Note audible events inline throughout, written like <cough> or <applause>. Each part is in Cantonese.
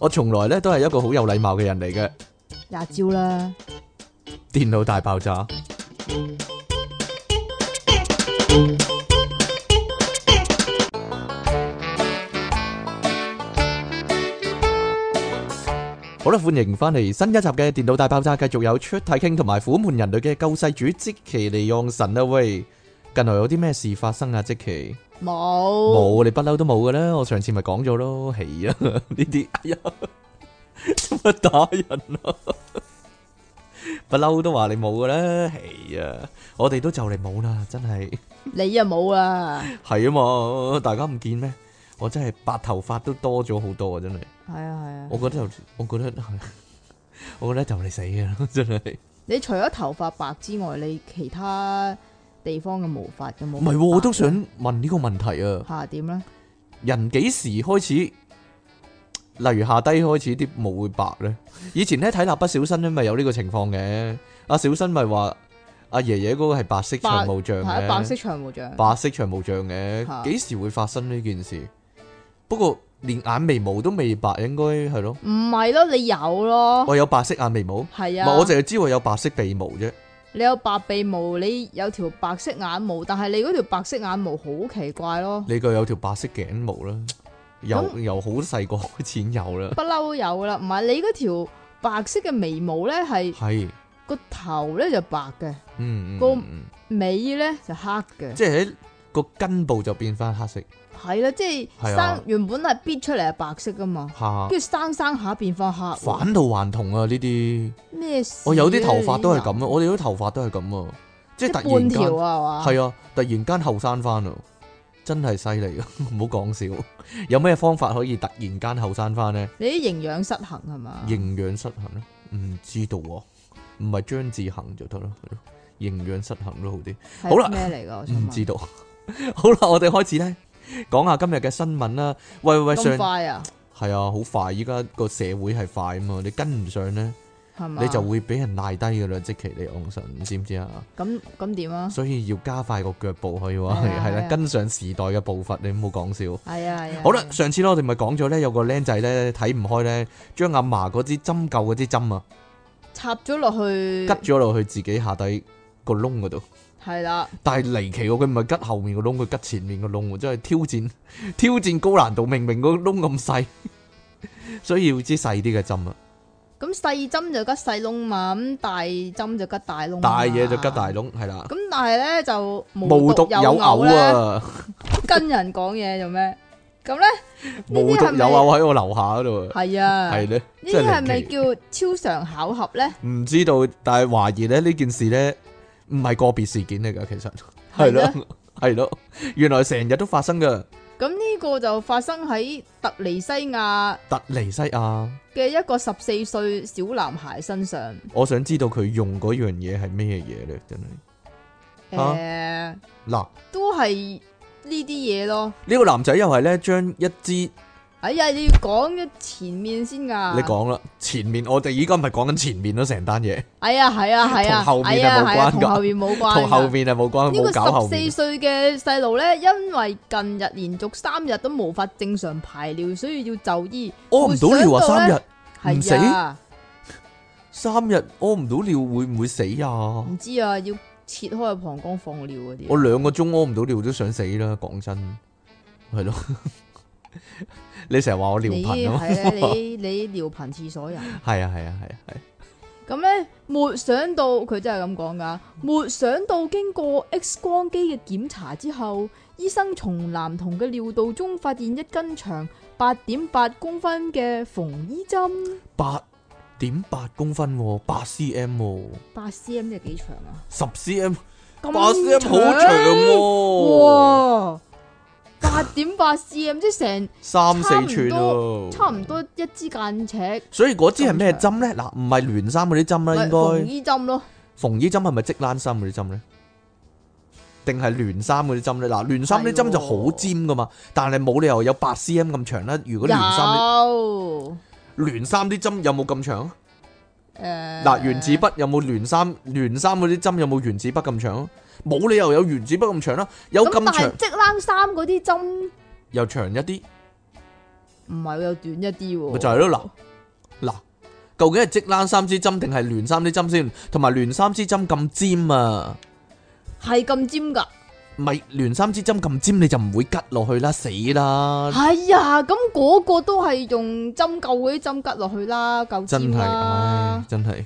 我從來咧都係一個好有禮貌嘅人嚟嘅。廿招啦！電腦大爆炸。好啦，歡迎翻嚟新一集嘅《電腦大爆炸》，繼續有出體 King 同埋虎門人類嘅救世主積淇離岸神啦。喂，近來有啲咩事發生啊？積淇？冇，冇沒，你不嬲都冇噶啦！我上次咪講咗咯，係啊，呢啲哎呀，乜 <laughs> 打人啊了？不嬲 <laughs> 都話你冇噶啦，係啊，我哋都就嚟冇啦，真係。你又 <laughs> 啊冇啊？係啊嘛，大家唔見咩？我真係白頭髮都多咗好多啊！真係、啊。係啊，係啊。我覺得， <laughs> 我覺得，我覺得就嚟死噶啦，真係。你除咗頭髮白之外，你其他？地方嘅毛髮有冇？唔係、啊，我都想問呢個問題啊！吓點咧？呢人幾時開始？例如下低開始啲毛會白咧？以前咧睇蠟筆小新咧，咪有呢個情況嘅。阿小新咪話阿爺爺嗰個係白色長毛象嘅，係啊、白色長毛象，白色長毛象嘅。幾時會發生呢件事？啊、不過連眼眉毛都未白，應該係咯？唔係咯？你有咯？我有白色眼眉毛，係啊！我淨係知我有白色鼻毛啫。你有白鼻毛，你有條白色眼毛，但係你嗰條白色眼毛好奇怪咯。你個有條白色頸毛啦，有、嗯、由好細個開始有啦。不嬲都有啦，唔係你嗰條白色嘅眉毛咧係係個頭咧就白嘅，嗯個尾咧就黑嘅，即係喺個根部就變翻黑色。係啦，即係生原本係逼出嚟係白色噶嘛，跟住生生下變化下，返同還童啊！呢啲咩？我有啲頭髮都係咁啊，我哋有啲頭髮都係咁啊，即係突然間係啊，突然間後生翻啊，真係犀利啊！唔好講笑，有咩方法可以突然間後生翻呢？你啲營養失衡係嘛？營養失衡咯，唔知道啊，唔係張志恒就得咯，營養失衡都好啲好啦，咩嚟噶？唔知道，好啦，我哋開始咧。講下今日嘅新聞啦，喂喂，上快係啊，好、啊、快，依家個社會係快啊嘛，你跟唔上咧，吧你就會俾人賴低噶啦，即其你紅唇，你知唔知啊？咁咁點啊？所以要加快個腳步去，係啦，跟上時代嘅步伐，你唔好講笑。係啊，啊好啦吧，啊啊、上次咧我哋咪講咗咧，有個僆仔咧睇唔開咧，將阿嫲嗰支針灸嗰啲針啊，插咗落去，拮咗落去自己下底個窿嗰度。係啦，但係離奇喎，佢唔係吉後面個窿，佢吉前面個窿，真、就、係、是、挑戰挑戰高難度，明明個窿咁細， <laughs> 所以要支細啲嘅針啊。咁細針就吉細窿嘛，咁大針就吉大窿，大嘢就吉大窿，係啦。咁但係咧就無獨有偶啊！ <laughs> <laughs> 跟人講嘢做咩？咁咧無獨有偶喺我樓下嗰度，係 <laughs> 啊，係咧呢，呢啲係咪叫超常巧合咧？唔 <laughs> 知道，但係懷疑咧呢件事咧。唔係個別事件嚟噶，其實係咯，係咯， <laughs> 原來成日都發生噶。咁呢個就發生喺特尼西亞，特尼西亞嘅一個十四歲小男孩身上。 <laughs> 我想知道佢用嗰樣嘢係咩嘢呢？真、啊、係。誒、呃，嗱， <laughs> 都係呢啲嘢咯。呢個男仔又係呢，將一支。哎呀！你要講嘅前面先噶，你講啦，前面我哋而家唔係講緊前面咯，成單嘢。哎呀，係啊，係啊，同後面係冇關噶，同後面冇關，同後面係冇關。呢個十四歲嘅細路咧，因為近日連續三日都無法正常排尿，所以要就醫。屙唔到尿啊，三日唔死，三日屙唔到尿會唔會死啊？唔知啊，要切開膀胱放尿嗰啲。我兩個鐘屙唔到尿都想死啦，講真，係咯。 <laughs> 你成日話我尿頻啊？係咧，你你尿頻廁所人。係啊， <laughs> 係啊，係啊，係。咁咧，沒想到佢真係咁講㗎！沒想到經過 X 光機嘅檢查之後，醫生從男童嘅尿道中發現一根長八點八公分嘅縫衣針。八點八公分，啊，八 C M，八 C M 係幾長啊？十 C M，八 C M 好長。哇。八點八 C M，即成三四寸咯，差唔多一支間尺。所以嗰支係咩針咧？嗱，唔係冷衫嗰啲針啦，應該縫衣針咯。縫衣針係咪即冷衫嗰啲針咧？定係冷衫嗰啲針咧？嗱，冷衫啲針就好尖噶嘛，但係冇理由有八 C M 咁長啦。如果冷衫，冷衫啲針有冇咁長？誒、uh，嗱，原子筆有冇冷衫？冷衫嗰啲針有冇原子筆咁長？冇理由有原子筆咁長啦，有咁長。咁但係織冷衫嗰啲針又長一啲，唔係又短一啲喎。咪就係咯，嗱嗱，究竟係織冷衫支針定係連衫支針先？同埋連衫支針咁尖啊，係咁尖噶。咪連衫支針咁尖，你就唔會拮落去啦，死啦！係啊，咁嗰個都係用針灸嗰啲針拮落去啦，夠尖啦。真係，真係。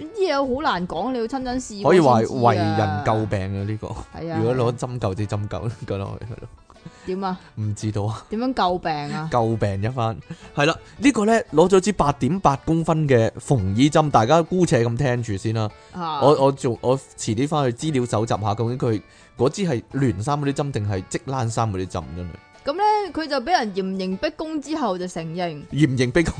啲嘢好難講，你要親身試。可以話為人救病啊，呢、這個， <laughs> 如果攞針灸啲針灸咁咯，係 <laughs> 咯、嗯。點啊？唔知道啊？點樣救病啊？救病一番，係 <laughs> 啦、嗯，這個、呢個咧攞咗支八點八公分嘅縫衣針，大家姑且咁聽住先啦、嗯。我我仲我遲啲翻去資料搜集下，究竟佢嗰支係連衫嗰啲針定係織冷衫嗰啲針真係？咁咧，佢就俾人嚴刑逼供之後就承認。嚴刑逼供。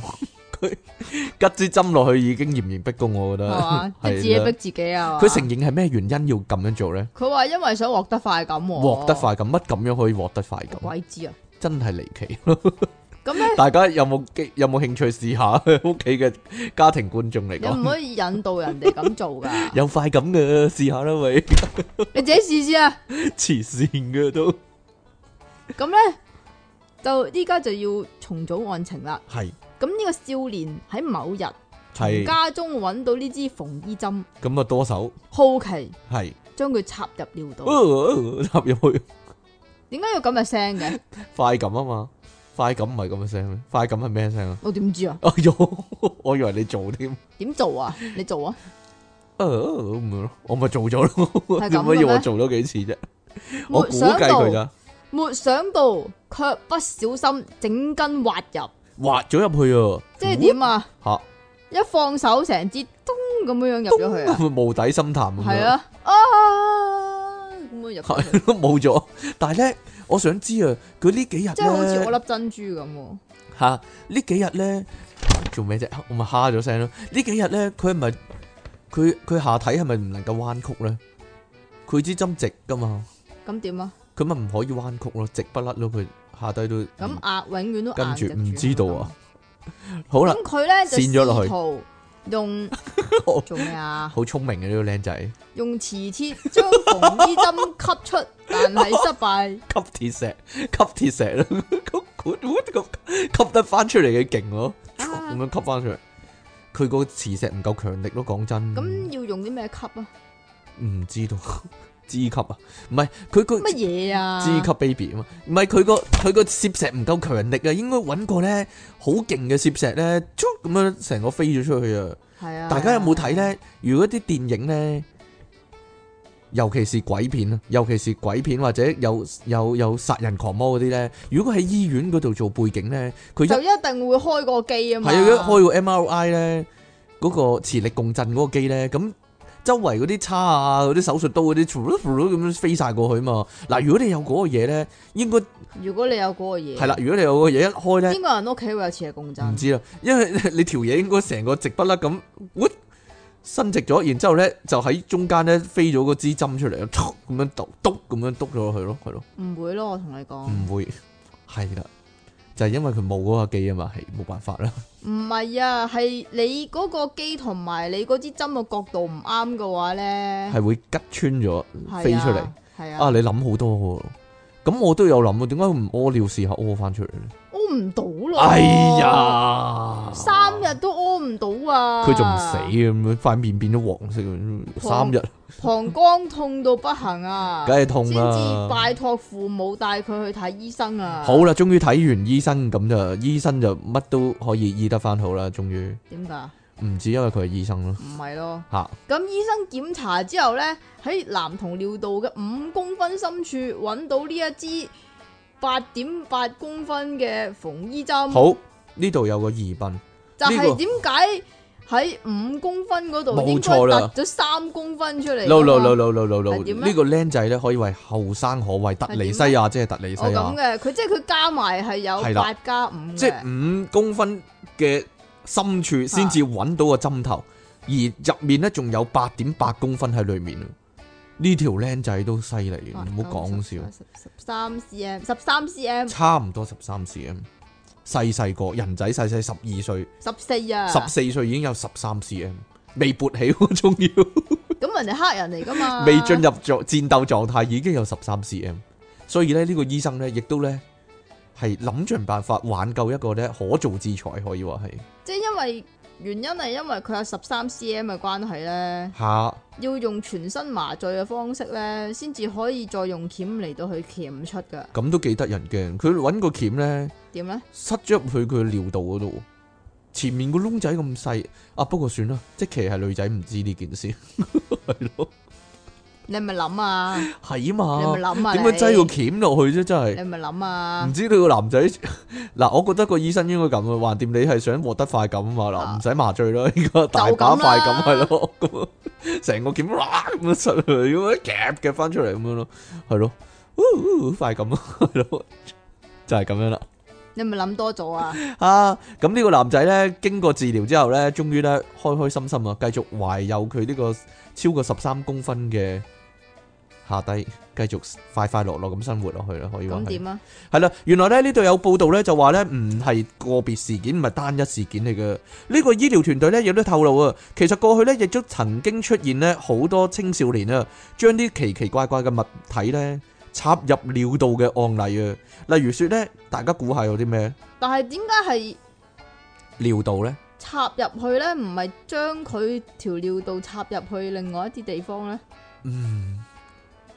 佢吉支針落去已經嚴刑逼供，我覺得係啊，自己逼自己啊！佢承認係咩原因要咁樣做咧？佢話因為想獲得快感，獲得快感乜，咁樣可以獲得快感？鬼知啊！真係離奇。咁咧，大家有冇有冇興趣試下，屋企嘅家庭觀眾嚟講？你唔可以引導人哋咁做噶。有快感嘅，試下啦，喂！你自己試試啊！慈善嘅都咁咧，就依家就要重組案情啦。係。咁呢個少年喺某日從家中揾到呢支縫衣針，咁啊，多手好奇係是將佢插入尿道，呃、插入去，點解要咁嘅聲嘅？ <laughs> 快感啊嘛，快感唔係咁嘅聲，快感係咩聲啊？我點知啊？ <laughs> 我以為你做添，點做啊？你做啊、呃？我咪做咗咯，做 <laughs> 乜要我做咗幾次啫？想我估計佢噶，沒想到卻不小心整根滑入。滑咗入去啊！即係點啊？吓，一放手成支咚咁樣樣入咗去啊！無底深潭咁樣，係啊！啊，咁樣入係都冇咗。但係咧，我想知啊，佢呢幾日即係好似我粒珍珠咁。吓，呢幾日咧做咩啫？我咪蝦咗聲咯。呢幾日咧，佢係咪佢佢下體係咪唔能夠彎曲咧？佢支針直㗎嘛？咁點啊？佢咪唔可以彎曲咯？直不甩咯佢。下低都咁壓，永遠都壓唔住，唔知道啊！嗯、好啦，咁佢咧，扇咗落去， <laughs> 做麼 <laughs> 用做咩啊？好聰明嘅呢個靚仔，用磁鐵將縫衣針吸出， <laughs> 但係失敗，吸鐵石，吸鐵石啦！咁 good 吸得翻出嚟嘅勁咯，咁樣吸翻出嚟，佢個磁石唔夠強力咯，講真。咁要用啲咩吸啊？唔知道。G 級麼啊，唔係佢個乜嘢啊？G 級 baby 啊嘛，唔係佢個佢個攝石唔夠強力啊，應該揾個咧好勁嘅攝石咧，咁樣成個飛咗出去啊！係啊！大家有冇睇咧？如果啲電影咧，尤其是鬼片啊，尤其是鬼片或者有有有殺人狂魔嗰啲咧，如果喺醫院嗰度做背景咧，佢就一定會開個機啊嘛，係啊，如果開個 MRI 咧，嗰個磁力共振嗰個機咧，咁。周圍嗰啲叉啊，嗰啲手術刀嗰啲 f u 咁樣飛晒過去嘛。嗱，如果你有嗰個嘢咧，應該如果你有嗰個嘢係啦，如果你有嗰個嘢一開咧，邊個人屋企會有磁石共振？唔知啦，因為 <laughs> 你條嘢應該成個直筆甩咁，我伸直咗，然之後咧就喺中間咧飛咗個支針出嚟咁樣篤咁樣篤咗佢咯，係咯，唔會咯，我同你講唔會，係啦。就係因為佢冇嗰個機啊嘛，係冇辦法啦。唔係啊，係你嗰個機同埋你嗰支針嘅角度唔啱嘅話咧，係會拮穿咗、啊、飛出嚟。係啊，啊你諗好多喎。咁我都有諗啊，點解唔屙尿試下屙翻出嚟咧？屙唔到咯！啊！哎呀，三日都屙唔到啊！佢仲唔死咁樣，塊面變咗黃色同三日天，膀胱痛到不行啊！梗係痛啦！啊！先至拜託父母帶佢去睇醫生啊！好啦，終於睇完醫生，咁就醫生就乜都可以醫得返好啦！終於點解？唔知，因為佢係醫生咯。唔係咯？吓，咁醫生檢查之後呢，喺男童尿道嘅五公分深處揾到呢一支。八點八公分嘅縫衣針，好，呢度有個疑問，就係點解喺五公分嗰度應該突咗三公分出嚟？No no no no no no no，呢個僆仔咧可以話後生可畏，特尼西亞即係特尼西亞。我咁嘅，佢即係佢加埋係有八加五，即係五公分嘅深處先至揾到個針頭，而入面咧仲有八點八公分喺裏面。呢條僆仔都犀利，唔好講笑，十。十三 cm，十三 cm，差唔多十三 cm，細細個，人仔細細十二歲，十四啊，十四歲已經有十三 cm，未勃起，仲要。咁人哋黑人嚟噶嘛，未進入咗戰鬥狀態，已經有十三 cm，所以咧呢個醫生咧亦都咧係諗盡辦法挽救一個咧可造之才。可以話係。即係因為。原因係因為佢有十三 cm 嘅關係咧，啊、要用全身麻醉嘅方式咧，先至可以再用鉗嚟,到去鉗出噶。咁都幾得人驚，佢揾個鉗咧，點咧，塞咗入去佢尿道嗰度，前面個窿仔咁細啊！不過算啦，即其係女仔唔知呢件事，係 <laughs> 咯。你咪諗啊！係啊嘛，點解擠個鉗落去啫？真係你咪諗啊！唔知呢個男仔嗱，我覺得個醫生應該咁啊，話掂你係想獲得快感啊嘛嗱，唔使麻醉咯，應該大把快感係咯，成個鉗哇咁啊出嚟咁啊夾夾翻出嚟咁樣咯，係咯，快感咯，係咯，就係咁樣啦。你咪諗多咗啊！啊，咁呢個男仔咧，經過治療之後咧，終於咧開開心心啊，繼續懷有佢呢個超過十三公分嘅。下低，繼續快快樂樂咁生活落去啦，可以講點啊？係啦，原來咧呢度有報道咧，就話咧唔係個別事件，唔係單一事件嚟噶。呢個醫療團隊咧亦都透露啊，其實過去咧亦都曾經出現呢好多青少年啊，將啲奇奇怪怪嘅物體咧插入尿道嘅案例啊。例如說咧，大家估下有啲咩？但係點解係尿道咧？插入去咧，唔係將佢條尿道插入去另外一啲地方咧？嗯。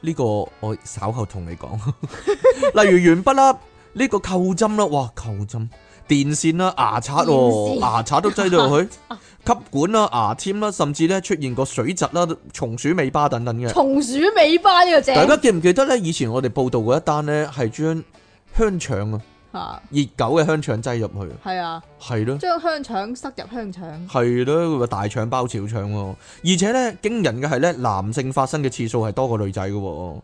呢個我稍後同你講， <laughs> 例如鉛筆啦，呢個扣針啦，哇，扣針、電線啦、牙刷線牙刷都擠咗落去， <laughs> 吸管啦、牙籤啦，甚至咧出現個水蛭啦、松鼠尾巴等等嘅。松鼠尾巴呢個正？大家記唔記得呢？以前我哋報道過一單呢，係將香腸啊。啊！熱狗嘅香腸擠入去，係啊，係咯的，將香腸塞入香腸，係咯，佢話大腸包小腸喎，而且咧驚人嘅係咧，男性發生嘅次數係多過女仔嘅喎。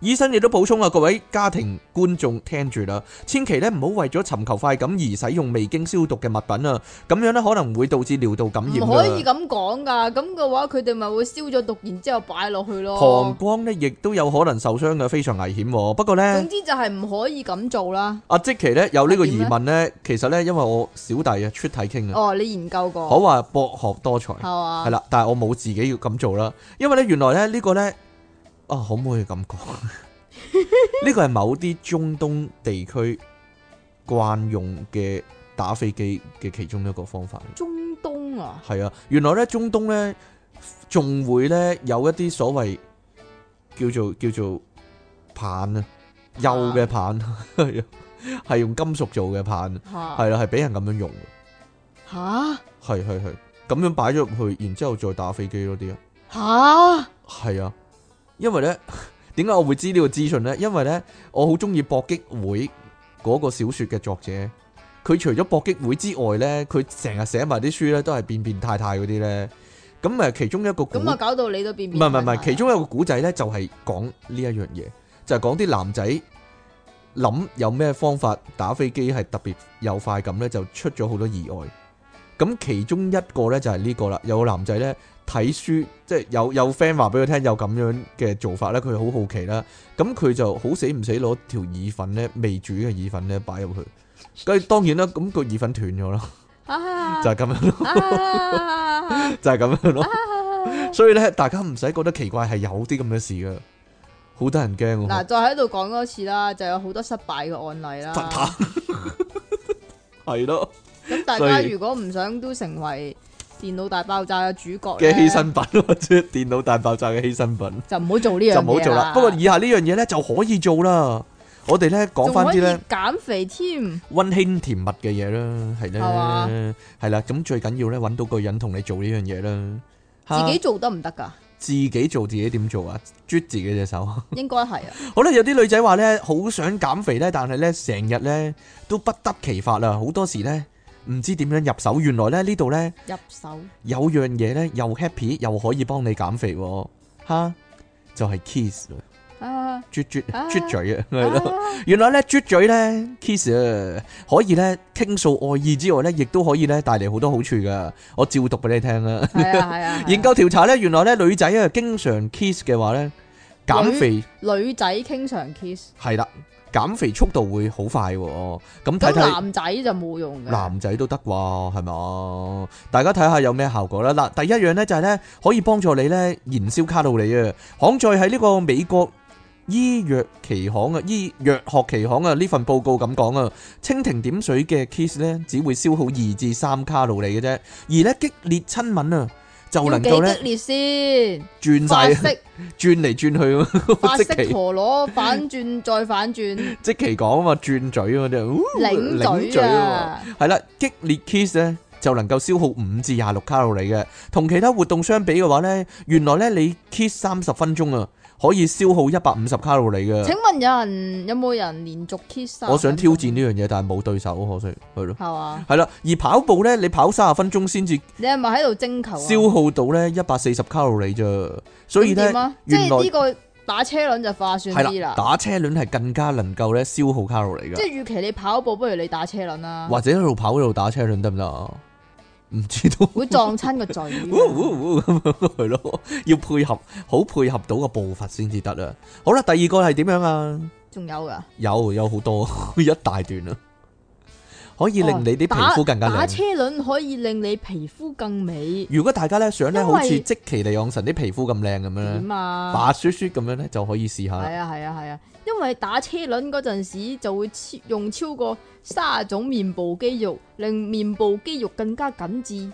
醫生亦都補充啊，各位家庭觀眾聽住啦，千祈咧唔好為咗尋求快感而使用未經消毒嘅物品啊，咁樣咧可能會導致尿道感染。唔可以咁講㗎，咁嘅話佢哋咪會消咗毒，然之後擺落去咯。膀胱咧亦都有可能受傷嘅，非常危險。不過咧，總之就係唔可以咁做啦。阿積淇咧有呢個疑問咧，其實咧因為我小弟啊出體傾啊。哦，你研究過？好話，博學多才。係啊。係啦，但係我冇自己要咁做啦，因為咧原來咧、這、呢個咧。啊，可唔可以咁講？呢個係某啲中東地區慣用嘅打飛機嘅其中一個方法。中東啊？係啊，原來咧，中東咧仲會咧有一啲所謂叫做叫做棒，棒啊，幼嘅棒係用金屬做嘅棒，係啦、啊，係俾、啊、人咁樣用。吓、啊？係係係咁樣擺咗入去，然之後再打飛機嗰啲啊？吓？係啊。因為呢，點解我會知呢個資訊呢？因為呢，我好中意搏擊會嗰個小説嘅作者。佢除咗搏擊會之外呢，佢成日寫埋啲書呢，都係變變態態嗰啲呢。咁誒，其中一個古咁啊，我搞到你都變變態態唔係唔係。唔係唔係，其中一個古仔呢，就係講呢一樣嘢，就係講啲男仔諗有咩方法打飛機係特別有快感呢，就出咗好多意外。咁其中一個咧就係呢個啦，有個男仔咧睇書，即係有有 friend 話俾佢聽有咁樣嘅做法咧，佢好好奇啦。咁佢就好死唔死攞條意粉咧，未煮嘅意粉咧擺入去，跟住當然啦，咁個意粉斷咗啦，就係咁樣，就係咁樣咯。所以咧，大家唔使覺得奇怪，係有啲咁嘅事嘅，好得人驚。嗱，再喺度講多次啦，就有好多失敗嘅案例啦，係咯。咁大家如果唔想都成為電腦大爆炸嘅主角嘅犧牲品，或者電腦大爆炸嘅犧牲品，就唔好做呢樣嘢啦。不過以下呢樣嘢咧就可以做啦。我哋咧講翻啲咧減肥添，溫馨甜蜜嘅嘢啦，係咧，係啦。咁最緊要咧揾到個人同你做呢樣嘢啦。自己做得唔得㗎？自己做自己點做啊？啜自己隻手應該係啊。好啦，有啲女仔話咧，好想減肥咧，但係咧成日咧都不得其法啊，好多時咧～唔知點樣入手，原來咧呢度呢，入手，有樣嘢呢，又 happy 又可以幫你減肥，吓就係 kiss 啊，噘噘噘嘴啊，原來咧噘嘴呢 kiss 啊，可以呢，傾訴愛意之外呢，亦都可以呢，帶嚟好多好處噶，我照讀俾你聽啦。啊啊啊、 <laughs> 研究調查呢，原來呢女仔啊經常 kiss 嘅話呢，減肥，女仔經常 kiss 係啦。減肥速度會好快喎，啊，咁睇睇男仔就冇用嘅？男仔都得啩，係咪？大家睇下有咩效果咧？嗱，第一樣呢就係呢，可以幫助你呢燃燒卡路里啊！行，在喺呢個美國醫藥期刊啊，醫藥學期刊啊，呢份報告咁講啊，蜻蜓點水嘅 kiss 呢，只會消耗二至三卡路里嘅啫，而呢激烈親吻啊！就能夠咧，激烈先轉晒色，轉嚟轉去，百色陀螺，反轉再反轉，即其講啊嘛，轉嘴啊嘛，領領嘴啊，係啦，激烈 kiss 咧就能夠消耗五至廿六卡路里嘅，同其他活動相比嘅話咧，原來咧你 kiss 三十分鐘啊。可以消耗一百五十卡路里嘅。請問有人有冇人連續 kiss？我想挑戰呢樣嘢，嗎但係冇對手，可惜係咯。係嘛？係啦吧，而跑步咧，你跑三十分鐘先至、啊。你係咪喺度徵求消耗到咧一百四十卡路里啫，所以咧，原來呢個打車輪就化算啲啦。打車輪係更加能夠咧消耗卡路里㗎。即係預期你跑步，不如你打車輪啦。或者喺度跑喺度打車輪得唔得？行唔不知道 <laughs> 會撞親個嘴，咁樣係咯，要配合好配合到個步伐先至得啦。好啦，第二個係點樣啊？仲有㗎？有有好多 <laughs> 一大段啊！可以令你啲皮膚更加靚。打車輪可以令你皮膚更美。如果大家咧想咧為，好似積淇離岸神啲皮膚咁靚咁樣咧，啊，白雪雪咁樣咧就可以試下。係啊係啊係啊，因為打車輪嗰陣時就會超用超過三十種面部肌肉，令面部肌肉更加緊致。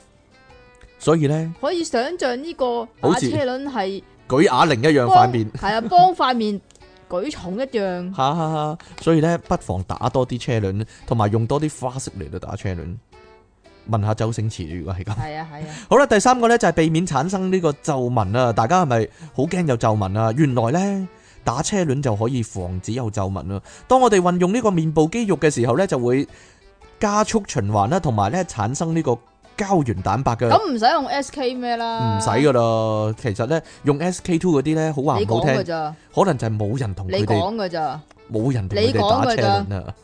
所以咧，可以想象呢個打車輪係舉啞鈴一樣塊面，係啊，幫塊面。 <laughs> 舉重一樣， <laughs> 所以咧，不妨打多啲車輪，同埋用多啲花式嚟到打車輪。問下周星馳如果係咁，係啊係啊。啊好啦，第三個咧就係避免產生呢個皺紋啊！大家係咪好驚有皺紋啊？原來咧打車輪就可以防止有皺紋啊！當我哋運用呢個面部肌肉嘅時候咧，就會加速循環啦，同埋咧產生呢個。膠原蛋白嘅咁唔使用，用 SK 咩啦？唔使噶啦，其實咧用 SK Two 嗰啲咧好話唔好聽噶咋，可能就係冇人同佢哋講噶咋，冇人同佢哋打車輪啊，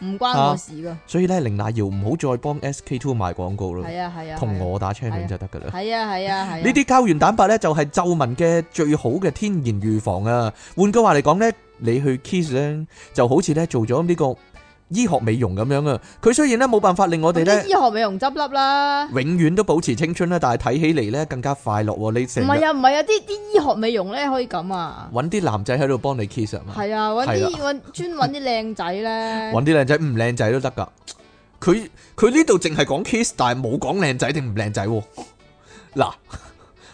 唔關我的事噶、啊。所以咧，凌娜瑤唔好再幫 SK Two 賣廣告啦，係啊係啊，同、啊啊、我打車輪就得噶啦。係啊係啊係。呢啲膠原蛋白咧就係皺紋嘅最好嘅天然預防啊。換句話嚟講咧，你去 kiss 咧就好似咧做咗呢、這個。醫學美容咁樣啊，佢雖然咧冇辦法令我哋咧，醫學美容執笠啦，永遠都保持青春啦，但係睇起嚟咧更加快樂。你唔係啊，唔係啊，啲啲醫學美容咧可以咁啊，揾啲男仔喺度幫你 kiss 啊，嘛，係啊，揾啲專揾啲靚仔咧，揾啲靚仔唔靚仔都得噶。佢佢呢度淨係講 kiss，但係冇講靚仔定唔靚仔。嗱， <laughs>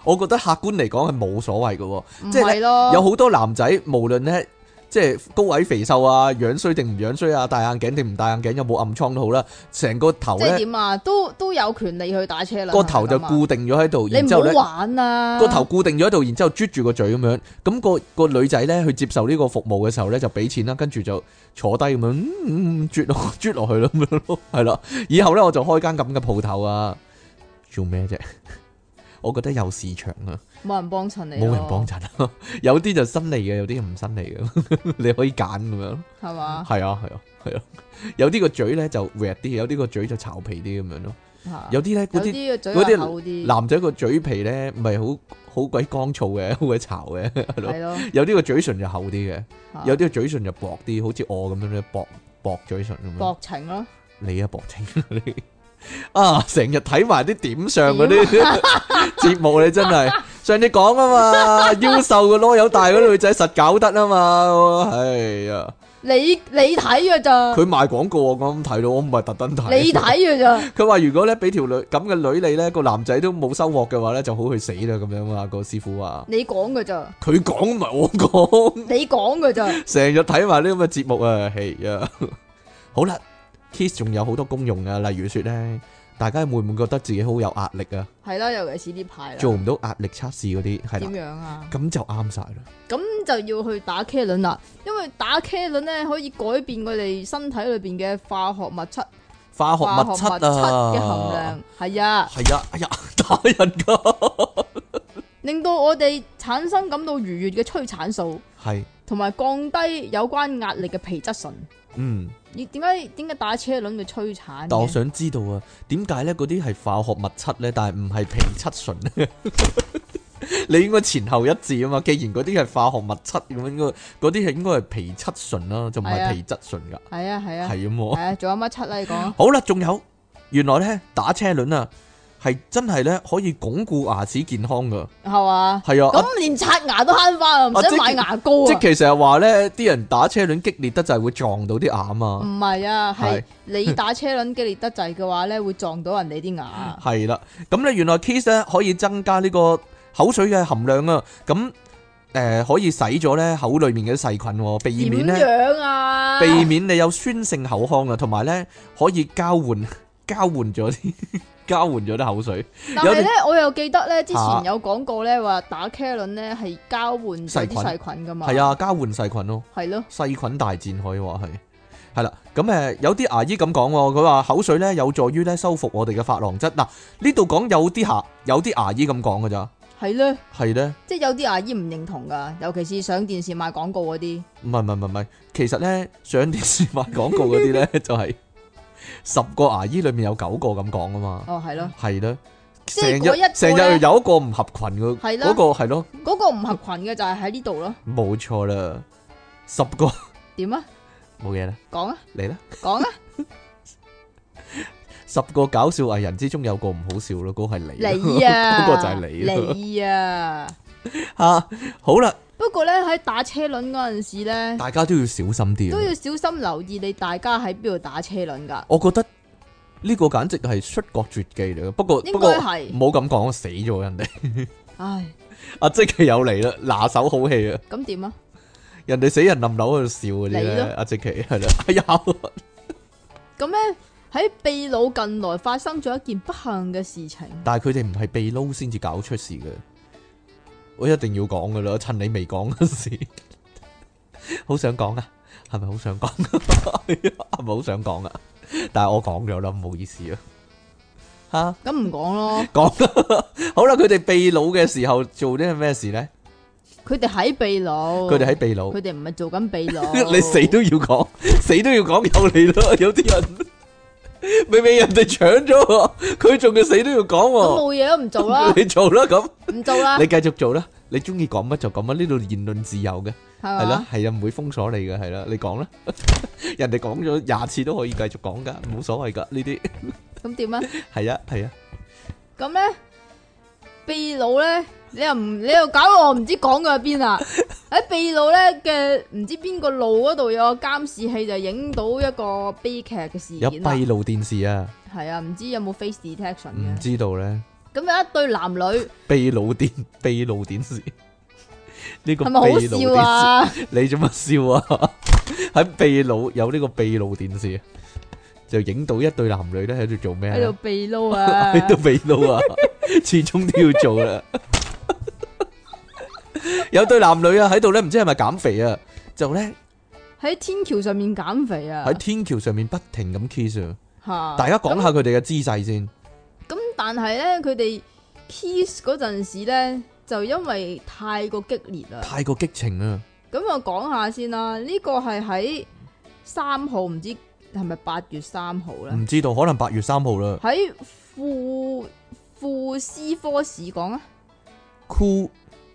我覺得客觀嚟講係冇所謂噶，即係有好多男仔無論咧。即係高位肥瘦啊，樣衰定唔樣衰啊，戴眼鏡定唔戴眼鏡，有冇暗瘡都好啦，成個頭即係點啊？都都有權利去打車啦。個頭就固定咗喺度，你們 然之後你唔好玩啊。個頭固定咗喺度，然之後啜住個嘴咁樣。咁個個女仔咧去接受呢個服務嘅時候咧，就俾錢啦，跟住就坐低咁樣啜落啜落去咁樣咯，係啦。以後咧我就開間咁嘅鋪頭啊，做咩啫？ <laughs> 我覺得有市場啊。冇人幫襯你，冇人幫襯啊！有啲就新嚟嘅，有啲唔新嚟嘅，你可以揀咁樣。係嘛吧？係啊，係啊，係啊！有啲個嘴咧就滑啲，有啲個嘴就巢皮啲咁樣咯。有啲咧，嗰啲啲男仔個嘴皮咧，唔係好好鬼乾燥嘅，好鬼巢嘅。有啲個嘴唇就厚啲嘅，有啲個嘴唇就薄啲，好似我咁樣薄薄嘴唇咁樣。薄情咯，啊！你啊，薄情你 <laughs> 啊！成日睇埋啲點上嗰啲節目，你真係～ <laughs> 上次講啊嘛，優秀嘅囉柚大嗰個女仔實搞得啊嘛，係啊。你你睇㗎咋？佢賣廣告，我咁睇到，我唔係特登睇。你睇㗎咋？佢話如果咧俾條女咁嘅女你咧，個男仔都冇收穫嘅話咧，就好去死啦咁樣啊！個師傅話。你講㗎咋？佢講唔係我講，你講㗎咋？成日睇埋呢咁嘅節目啊，係啊。好啦，kiss 仲有好多功用啊，例如說咧。大家會唔會覺得自己好有壓力啊？係啦，尤其是呢排做唔到壓力測試嗰啲，係啦。點樣啊？咁就啱晒啦。咁就要去打 K 輪啦，因為打 K 輪咧可以改變我哋身體裏邊嘅化學物質、化學物質、啊、物質嘅含量。係啊，係啊，哎呀，打人噶。 <laughs> 令到我哋產生感到愉悅嘅催產素，係的，同埋降低有關壓力嘅皮質醇。嗯。你點解點解打車輪會摧殘？但我想知道啊，點解咧嗰啲係化學物七咧？但係唔係皮七醇？ <laughs> 你應該前後一致啊嘛！既然嗰啲係化學物七咁應該，嗰嗰啲係應該係皮七醇啦，就唔係皮質醇噶。係啊係啊，係咁啊！仲、啊 <laughs> 啊啊、有乜七啦？你講、 <laughs> 啊。好啦，仲有，原來咧打車輪啊！係真係咧，可以鞏固牙齒健康噶吧，係嘛？係啊，咁、啊、連刷牙都慳翻，唔使買牙膏、啊啊。即係成日話咧，啲人打車輪激烈得滯會撞到啲眼啊？唔係啊，係你打車輪激烈得滯嘅話咧，會撞到人哋啲牙。係啦， <laughs> 咁咧原來 kiss 咧可以增加呢個口水嘅含量啊，咁誒可以洗咗咧口裏面嘅細菌，避免咧、啊、避免你有酸性口腔啊，同埋咧可以交換交換咗。 <laughs> 交換咗啲口水，但係咧，點我又記得咧，之前有講過咧，話、啊、打牙鉸咧係交換啲細菌噶嘛，係啊，交換細菌咯，係咯，細菌大戰可以話係，係啦、啊，咁誒、呃，有啲牙醫咁講、哦，佢話口水咧有助於咧修復我哋嘅珐琅質，嗱、啊，呢度講有啲吓，有啲牙醫咁講噶咋，係咧呢，係咧呢，即係有啲牙醫唔認同噶，尤其是上電視賣廣告嗰啲，唔係唔係唔係，其實咧上電視賣廣告嗰啲咧就係。 <laughs> 十個牙醫裏面有九個咁講啊嘛，哦係咯，係咯，成日成日有一個唔合群嘅，係咯，嗰個係咯，嗰個唔合群嘅就係喺呢度咯，冇錯啦，十個點啊，冇嘢啦，講啊，嚟啦，講啊，十個搞笑藝人之中有個唔好笑咯，嗰個係你，你啊，嗰個就係你，你啊，吓好啦。不過咧喺打車輪嗰陣時咧，大家都要小心啲，都要小心留意你大家喺邊度打車輪噶。我覺得呢個簡直係出國絕技嚟嘅，不過應該不過係唔好咁講，我死咗人哋。 <laughs> 唉，阿積淇又嚟啦，拿手好戲啊！咁點啊？人哋死人冧樓喺度笑啊，啲啊吧！阿積淇係啦， <laughs> 哎呀呦！咁咧喺秘魯近來發生咗一件不幸嘅事情，但係佢哋唔係秘魯先至搞出事嘅。我一定要講噶啦，趁你未講嗰時，好想講啊，係咪好想講？係咪好想講啊？但係我講咗啦，唔好意思啊。吓，咁唔講咯。講好啦，佢哋秘魯嘅時候做啲咩事咧？佢哋喺秘魯，佢哋喺秘魯，佢哋唔係做緊秘魯。你死都要講，死都要講有你咯，有啲人。明明人哋搶咗我，佢仲要死都要講喎。我冇嘢都唔做啦。你做啦咁，唔做啦。你繼續做啦，你中意講乜就講乜，呢度言論自由嘅係啦，係啊，唔會封鎖你噶係啦，你講啦，人哋講咗廿次都可以繼續講噶，冇所謂噶呢啲。咁點啊？係啊，係啊。咁咧，秘魯咧。你又唔，你又搞我唔知講佢喺邊啊？喺秘魯咧嘅，唔知邊個路嗰度有監視器，就影到一個悲劇嘅事。有閉路電視啊？係啊，唔知有冇 face detection 唔知道咧。咁有一對男女秘魯電秘魯電視呢、這個係咪好笑啊？你做乜笑啊？喺 <laughs> 秘魯有呢個秘魯電視，就影到一對男女咧喺度做咩？喺度秘撈啊！喺度秘撈啊！始終都要做啦。 <laughs> <laughs> 有對男女啊喺度咧，唔知係咪減肥，呢，減肥啊？就咧喺天橋上面減肥啊！喺天橋上面不停咁 kiss 啊！吓，大家講下佢哋嘅姿勢先。咁、嗯嗯、但係咧，佢哋 kiss 嗰陣時咧，就因為太過激烈啦，太過激情啦。咁、嗯、我講下先啦，呢、這個係喺三號，唔知係咪八月三號咧？唔知道，可能八月三號啦。喺庫庫斯科市講啊，庫。Cool.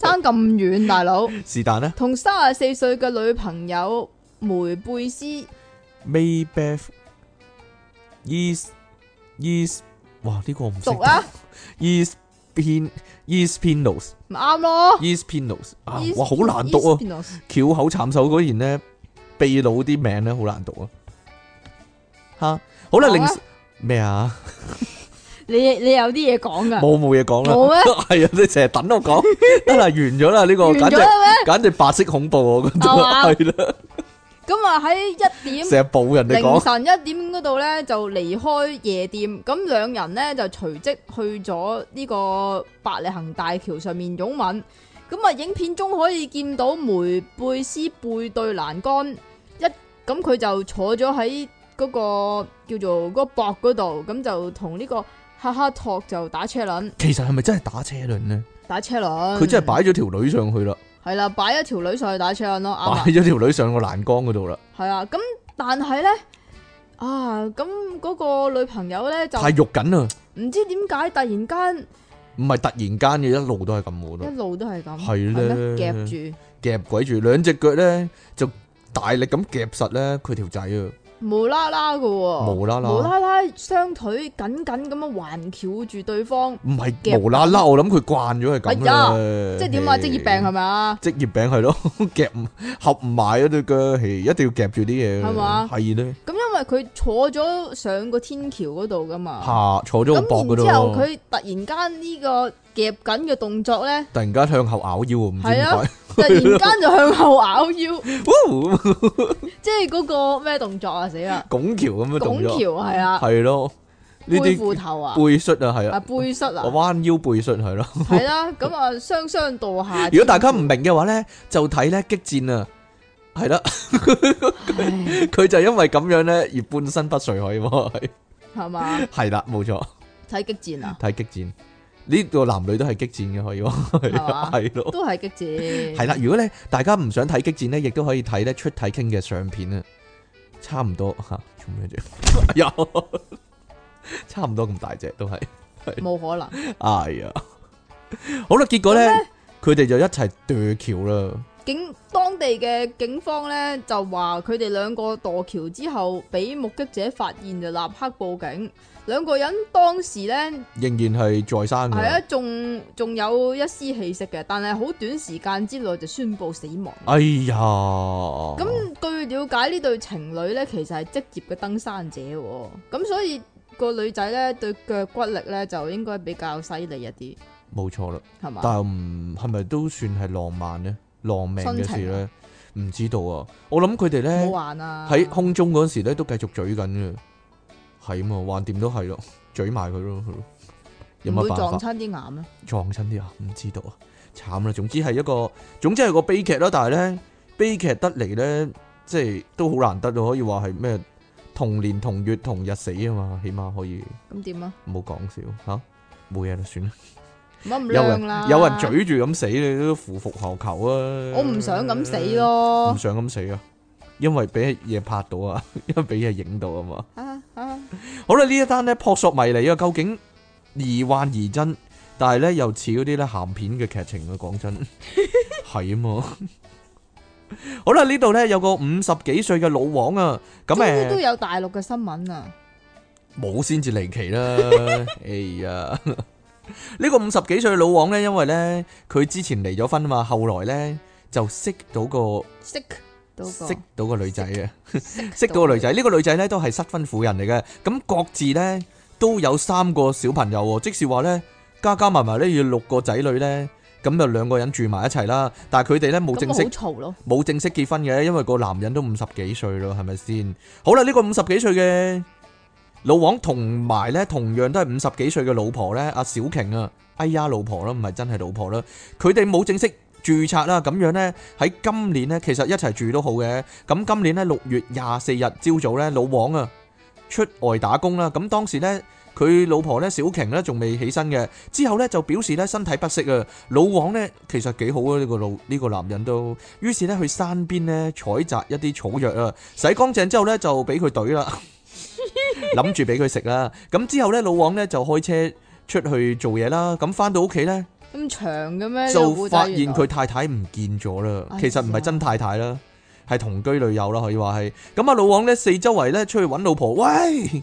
爭咁遠，大佬是但呢？同三十四歲嘅女朋友梅貝斯。Maybeth，Is，Is 哇呢個唔識讀啊。Is pin Is pinos 唔啱咯 Is pinos 哇好難讀啊！巧口慘手果然呢，秘魯啲名咧好難讀啊！吓 <laughs> 好，好啦吧，另咩啊？ <laughs> 你你有啲嘢講噶？冇冇嘢講啦！冇咩？係啊！你成日等我講，得啦，完咗啦呢個，完咗啦咩？簡直簡直白色恐怖我覺得係啦。咁啊喺一點，成日報人哋講凌晨一點嗰度咧就離開夜店，咁兩人咧就隨即去咗呢個百里行大橋上面擁吻。咁啊影片中可以見到梅貝斯背對欄杆一，咁佢就坐咗喺嗰個叫做嗰個膊嗰度，咁就同呢個。哈哈托就打車輪，其實係咪真係打車輪呢？打車輪，佢真係擺咗條女上去啦。係啦，擺咗條女上去打車輪咯，擺咗條女上個欄杆嗰度啦。係啊，咁但係咧，啊，咁嗰個女朋友咧就太肉緊啊，唔知點解突然間，唔係突然間嘅，一路都係咁，一路都係咁，係咧夾住夾鬼住，兩隻腳咧就大力咁夾實咧佢條仔啊！無啦啦嘅喎。無啦啦，無啦啦，雙腿緊緊咁樣環翹住對方，唔係夾無啦啦，我諗佢慣咗係咁嘅，即係點啊？哎、職業病係咪啊？職業病係咯，夾合唔埋一對腳，係一定要夾住啲嘢，係嘛？係咧，咁因為佢坐咗上個天橋嗰度噶嘛，下坐咗咁然之後，佢突然間呢個。夾緊嘅動作咧，突然間向後咬腰，唔係啊！突然間就向後咬腰，即係嗰個咩動作啊？死啦！拱橋咁嘅動作，拱橋係啊，係咯，背褲頭啊，背摔啊，係啊，背摔啊，彎腰背摔係咯，係啦。咁啊，雙雙墮下。如果大家唔明嘅話咧，就睇咧激戰啊，係啦。佢就因為咁樣咧而半身不遂，可以係嘛？係啦，冇錯。睇激戰啊！睇激戰。呢個男女都係激戰嘅可以，係咯吧， <laughs> 了都係激戰。係啦， <laughs> 如果咧大家唔想睇激戰咧，亦都可以睇咧出體 King 嘅相片啦，差唔多吓。做咩啫？有、 <laughs> 哎，差唔多咁大隻都係，冇可能。 <laughs> 哎呀， <laughs> 好啦，結果咧，佢哋呢就一齊對橋啦。警當地嘅警方咧就話佢哋兩個墮橋之後，俾目擊者發現就立刻報警。兩個人當時咧仍然係在山，係啊，仲仲有一絲氣息嘅，但係好短時間之內就宣布死亡。哎呀！咁據了解呢對情侶咧，其實係職業嘅登山者、哦，咁所以個女仔咧對腳骨力咧就應該比較犀利一啲。冇錯啦，係嘛吧？但係唔係咪都算係浪漫呢？浪命嘅事咧，唔情知道啊！我諗佢哋咧喺空中嗰時咧都繼續嘴緊嘅，係咁啊，橫掂都係咯，嘴埋佢咯， <laughs> 有冇撞親啲眼啊？撞親啲眼，唔知道啊！慘啦，總之係一個，總之係個悲劇啦。但係咧，悲劇得嚟咧，即係都好難得咯，可以話係咩同年同月同日死啊嘛，起碼可以。咁點啊？唔好講笑吓，冇嘢，就算啦。算有人有人咀住咁死，你都夫復何求啊！我唔想咁死咯，啊，唔想咁死啊！因為俾嘢拍到啊，因為俾嘢影到啊嘛。哈哈 <laughs> 好啦，呢一單呢，撲朔迷離啊，究竟疑幻疑真？但係咧又似嗰啲咧鹹片嘅劇情啊！講真係啊嘛。 <laughs> <laughs> 是嗎 <laughs> 好啦，呢度咧有個五十幾歲嘅老王啊，咁誒都有大陸嘅新聞啊，冇先至離奇啦！哎呀～呢個五十幾歲老王呢，因為呢，佢之前離咗婚啊嘛，後來呢，就識到個識到個女仔啊，識到個女仔。呢個女仔呢都係失婚婦人嚟嘅，咁各自呢，都有三個小朋友，即是話呢，加加埋埋呢要六個仔女呢，咁就兩個人住埋一齊啦。但係佢哋呢冇正式冇正式結婚嘅，因為個男人都五十幾歲咯，係咪先？好啦，呢個五十幾歲嘅。老王同埋咧，同樣都係五十幾歲嘅老婆咧，阿小瓊啊，哎呀，老婆啦，唔係真係老婆啦，佢哋冇正式註冊啦，咁樣呢，喺今年呢，其實一齊住都好嘅。咁、嗯、今年呢，六月廿四日朝早呢，老王啊出外打工啦。咁、嗯、當時呢，佢老婆呢，小瓊呢仲未起身嘅，之後呢，就表示呢身體不適啊。老王呢，其實幾好啊，呢、呢個老呢、呢個男人都，於是呢，去山邊呢採摘一啲草藥啊，洗乾淨之後呢，就俾佢懟啦。 <laughs> 諗住俾佢食啦，咁 <laughs> 之後咧，老王咧就開車出去做嘢啦，咁翻到屋企咧，咁長嘅咩？就發現佢太太唔見咗啦，哎、呀其實唔係真太太啦，係同居女友啦，可以話係。咁啊，老王咧四周圍咧出去搵老婆，喂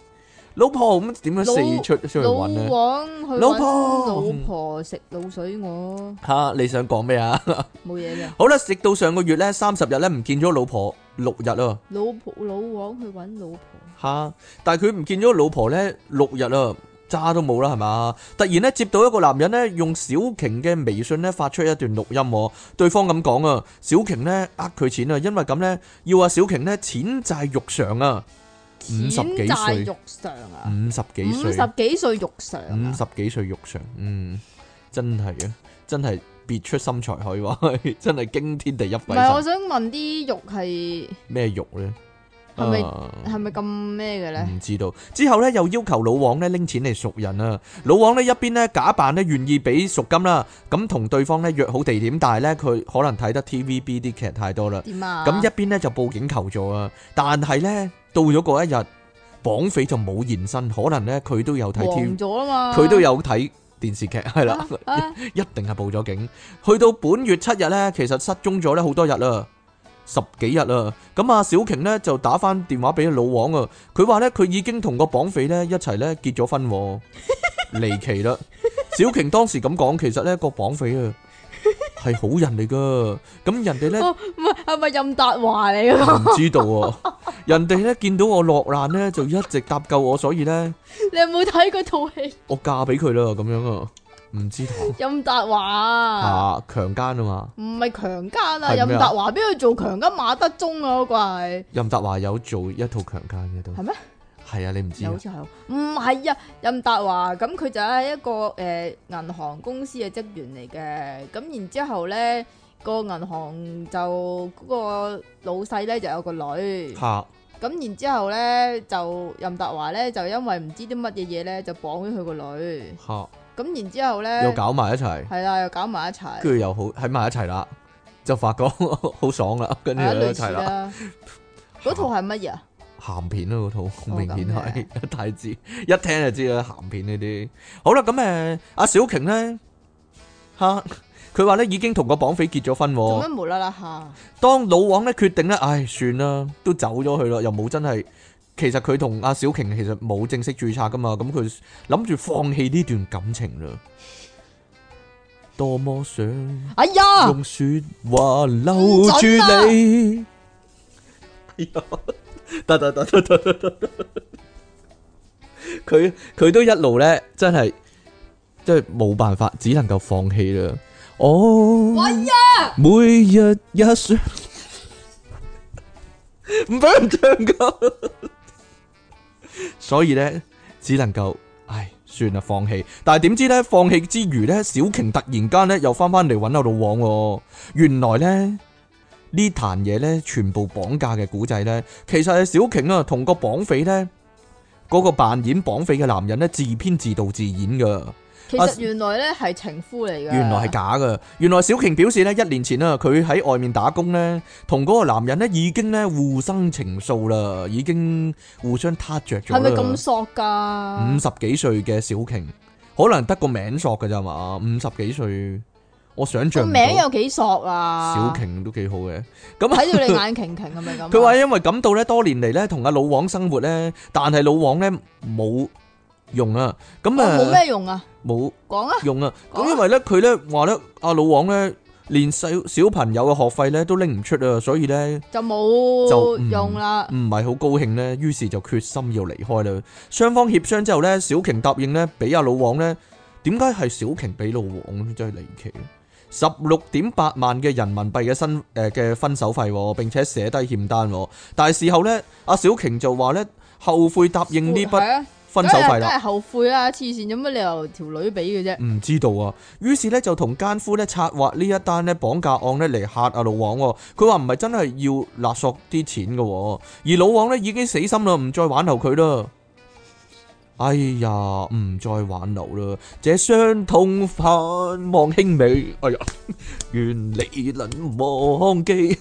老婆，老,老,老婆，咁點樣四出出去搵老王去搵老婆，老婆食滷水我吓、啊，你想講咩啊？冇嘢嘅。好啦，食到上個月咧三十日咧唔見咗老婆六日咯，老婆老王去搵老婆。吓、啊！但係佢唔見咗老婆咧六日啊，渣都冇啦，係嘛？突然咧接到一個男人咧，用小瓊嘅微信咧發出一段錄音，對方咁講啊：小瓊咧呃佢錢啊，因為咁咧要阿小瓊咧錢債肉償啊，五十幾歲肉償啊，五十幾歲十幾歲肉償，五十幾歲肉償，嗯，真係啊，真係別出心裁可以話，真係驚天地一鬼。鬼。」我想問啲肉係咩肉咧？係咪係咪咁咩嘅咧？唔知道。之後咧又要求老王咧拎錢嚟贖人啊！老王咧一邊咧假扮咧願意俾贖金啦，咁同對方咧約好地點，但係咧佢可能睇得 TVB 啲劇太多啦。點啊？咁一邊咧就報警求助啊！但係咧到咗嗰一日，綁匪就冇現身，可能咧佢都有睇 TV 咗啊嘛！佢都有睇電視劇係啦，一定係報咗警。去到本月七日咧，其實失蹤咗咧好多日啦。十幾日啦、啊，咁啊小瓊呢就打翻電話俾老王啊，佢話呢，佢已經同個綁匪呢一齊呢結咗婚，離 <laughs> 奇啦！小瓊當時咁講，其實呢、呢個綁匪啊係好人嚟噶，咁人哋呢，唔係，係咪任達華嚟噶？唔 <laughs> 知道啊，人哋呢見到我落難呢，就一直搭救我，所以呢，你有冇睇過套戲？我嫁俾佢啦，咁樣啊！唔知道任達華啊，強姦啊嘛？唔係強姦啊，任達華邊度做強姦，馬德鐘啊？嗰個係任達華有做一套強姦嘅都係咩？係啊，你唔知？好似係，唔係啊？任達華咁佢就係一個誒銀行公司嘅職員嚟嘅，咁然之後咧個銀行就嗰個老細咧就有個女，吓，咁然之後咧就任達華咧就因為唔知啲乜嘢嘢咧就綁咗佢個女，吓。咁然之後咧，又搞埋一齊，係啦，又搞埋一齊，跟住又好喺埋一齊啦，就發覺好爽啦，跟住就一齊啦。嗰套係乜嘢啊？咸 <laughs> 片咯，啊，嗰套，哦、好明顯係一大字， <laughs> 一聽就知啦，咸片呢啲。好啦，咁、嗯、誒，阿小瓊咧，吓，啊，佢話咧已經同個綁匪結咗婚，做乜無啦啦吓？啊，當老王咧決定咧，唉，哎，算啦，都走咗去咯，又冇真係。其實佢同阿小瓊其實冇正式註冊噶嘛，咁佢諗住放棄呢段感情啦。多麼想，哎呀，用說話留住你。哎呀，得得得得得得得得。佢佢都一路咧，真係真係冇辦法，只能夠放棄啦。哦，每日，每日一想，唔俾人唱歌。所以咧，只能夠，唉，算啦，放棄。但係點知咧，放棄之餘咧，小瓊突然間咧又翻翻嚟揾我老王哦。原來咧呢壇嘢咧，全部綁架嘅古仔咧，其實係小瓊啊同個綁匪咧，嗰個扮演綁匪嘅男人咧，自編自導自演噶。其實原來咧係情夫嚟嘅，原來係假嘅。原來小瓊表示咧，一年前啊，佢喺外面打工咧，同嗰個男人咧已經咧互生情愫啦，已經互相撻著咗啦。係咪咁索噶？五十幾歲嘅小瓊，可能得個名索嘅啫嘛。五十幾歲，我想象個名有幾索啊？小瓊都幾好嘅，咁睇到你眼瓊瓊係咪咁？佢話因為感到咧，多年嚟咧同阿老王生活咧，但係老王咧冇。用啊，咁啊冇咩用啊，冇講沒 啊，用啊，咁、啊、因為咧佢咧話咧阿老王咧連細小朋友嘅學費咧都拎唔出啊，所以咧就冇就用啦，唔係好高興咧，於是就決心要離開啦。雙方協商之後咧，小瓊答應咧俾阿老王咧，點解係小瓊俾老王真係離奇，十六點八萬嘅人民幣嘅分誒嘅分手費，並且寫低欠單，但係事後咧阿小瓊就話咧後悔答應呢筆、啊。分手費啦，後悔啦。黐線，有乜理由條女俾嘅啫？唔知道啊，於是咧就同奸夫咧策劃呢一單咧綁架案咧嚟，吓阿老王。佢話唔係真係要勒索啲錢嘅，而老王咧已經死心啦，唔再挽留佢啦。哎呀，唔再挽留啦，這傷痛盼望輕美，哎呀，願你能忘記。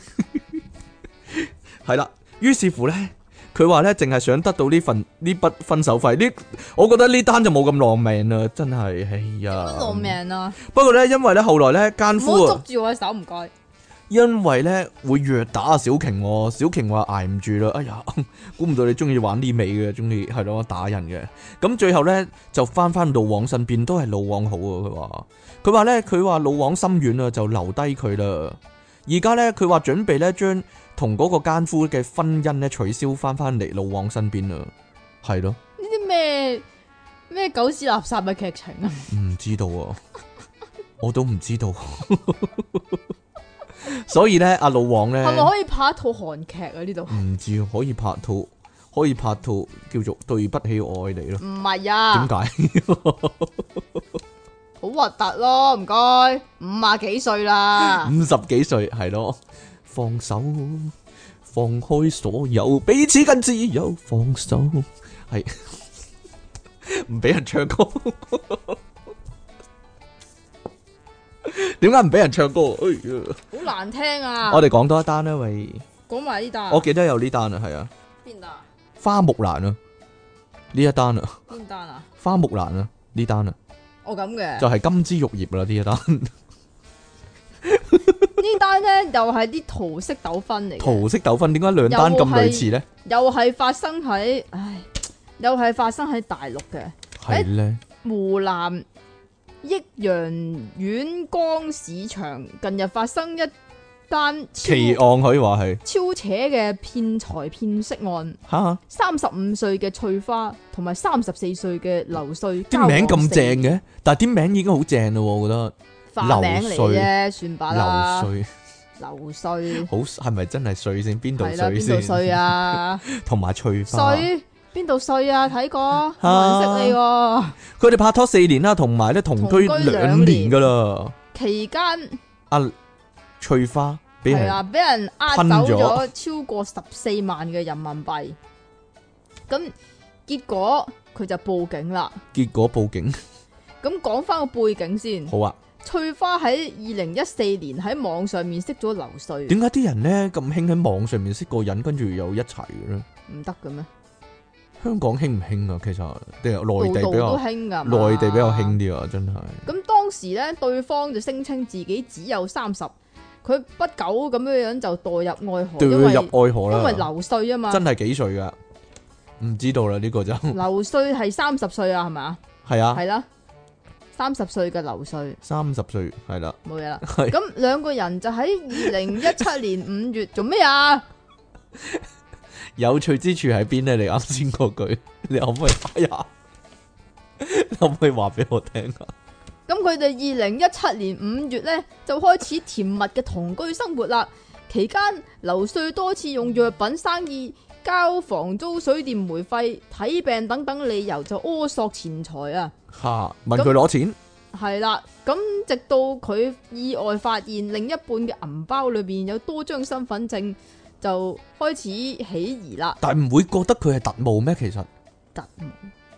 係 <laughs> 啦，於是乎咧。佢話咧淨係想得到呢份呢筆分手費，呢我覺得呢單就冇咁浪命啦，真係，哎呀，浪命啦。不過咧，因為咧後來咧奸夫。唔好捉住我嘅手，唔該。因為咧會虐打阿小瓊，哦，小瓊話挨唔住啦，哎呀，估唔到你中意玩啲味嘅，中意係咯打人嘅。咁最後咧就返返老王身邊，都係老王好啊。佢話佢話咧佢話老王心軟啦，就留低佢啦。而家咧佢話準備咧將。將同嗰個奸夫嘅婚姻咧取消翻翻嚟老王身邊啊，係咯？呢啲咩咩狗屎垃圾嘅劇情啊？唔知道啊， <laughs> 我都唔知道。 <laughs> 所以咧，阿老王咧，係咪可以拍一套韓劇啊？呢度唔知可以拍套，可以拍套叫做《對不起，愛你》咯？唔係啊？點解 <laughs> ？好核突咯！唔該，五啊幾歲啦？五十幾歲係咯。放手，放開所有彼此更自由。放手係唔俾人唱歌，點解唔俾人唱歌？好難聽啊！我哋講多一單啦，喂，講埋呢單。我記得有呢單啊，係啊，邊單？花木蘭啊，呢一單啊，邊單啊？花木蘭啊，呢單啊？我咁嘅，就係金枝玉葉啦，呢一單。 <laughs> 呢單咧，又係啲桃色糾紛嚟嘅，桃色糾紛點解兩單咁類似咧？又係發生喺，唉，又係發生喺大陸嘅，係咧湖南益陽沅江市場近日發生一單奇案，可以話係超扯嘅騙財騙色案。吓，三十五歲嘅翠花同埋三十四歲嘅劉瑞，啲名咁正嘅，但係啲名已經好正咯，我覺得。流稅啫，算罷啦。流稅，流稅，好係咪真係稅先？邊度稅先？邊度稅啊？同埋翠花，稅邊度稅啊？睇過，認識你。佢哋拍拖四年啦，同埋咧同居兩年噶啦。期間，阿翠花係啊，俾人呃走咗超過十四萬嘅人民幣。咁結果佢就報警啦。結果報警。咁講翻個背景先。好啊。翠花喺二零一四年喺網上面識咗劉瑞。點解啲人呢咁興喺網上面識個人，跟住又一齊嘅咧？唔得嘅咩？香港興唔興啊？其實，內地比較興噶內地比較興啲啊，真係。咁當時呢，對方就聲稱自己只有三十，佢不久咁樣樣就墮入愛河，墮入愛河啦，因為劉瑞啊嘛，真係幾歲噶？唔知道啦，呢個就劉瑞係三十歲啊，係咪啊？係啊，係啦。三十歲嘅劉瑞，三十歲係啦，冇嘢啦。咁兩的個人就喺二零一七年五月 <laughs> 做咩啊？ <laughs> 有趣之處喺邊呢？你啱先嗰句，你可唔可以開、哎、呀？ <laughs> 可唔可以話俾我聽啊？咁佢哋二零一七年五月呢，就開始甜蜜嘅同居生活啦。 <laughs> 期間劉瑞多次用藥品生意，交房租水、水電煤費、睇病等等理由就勒索錢財啊！吓，問佢攞錢係啦，咁直到佢意外發現另一半嘅銀包裏邊有多張身份證，就開始起疑啦。但係唔會覺得佢係特務咩？其實特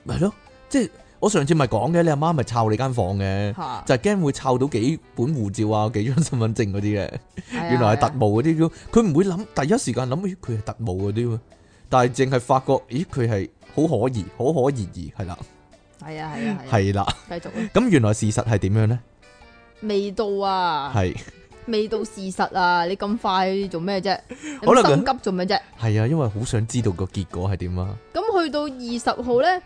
務係咯，即係我上次咪講嘅，你阿媽咪抄你間房嘅，哈就係驚會抄到幾本護照啊、幾張身份證嗰啲嘅。嗯、原來係特務嗰啲，佢唔、嗯嗯、會諗第一時間諗起佢係特務嗰啲。但係淨係發覺，咦，佢係好可疑，可可疑疑係啦。係啊係啊係。啦，繼續。咁原來事實係點樣呢？未到啊，係是未到事實啊！你咁快做咩啫？咁心急 <laughs> 做咩啫？係啊，因為好想知道個結果係點啊。咁去到二十號呢，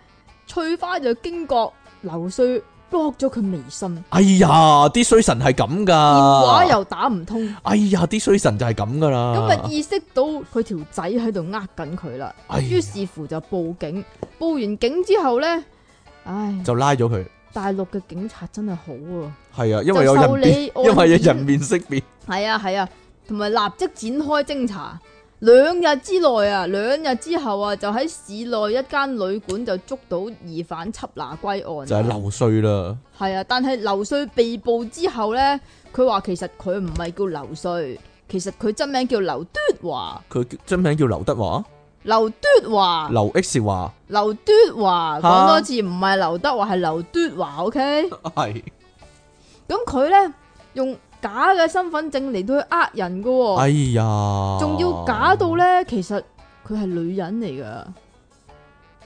翠花就經過流蘇。block 咗佢微信。哎呀，啲衰神係咁噶，電話又打唔通。哎呀，啲衰神就係咁噶啦。咁啊意識到佢條仔喺度呃緊佢啦，於是乎就報警。哎、呀報完警之後咧，唉，就拉咗佢。大陸嘅警察真係好啊。係啊，因為有認，因為有人面識別。係啊係啊，同埋、啊啊、立即展開偵查。兩日之內啊，兩日之後啊，就喺市內一間旅館就捉到疑犯緝拿歸案，就係劉瑞啦。係啊，但係劉瑞被捕之後咧，佢話其實佢唔係叫劉瑞，其實佢真名叫劉端華。佢真名叫劉德華。劉端華。劉 X 華。劉端華，講多次唔係劉德華，係劉端華。OK <laughs> 的。係。咁佢咧用。假嘅身份證嚟到去呃人㗎。哦，哎呀，仲要假到咧，其實佢係女人嚟噶，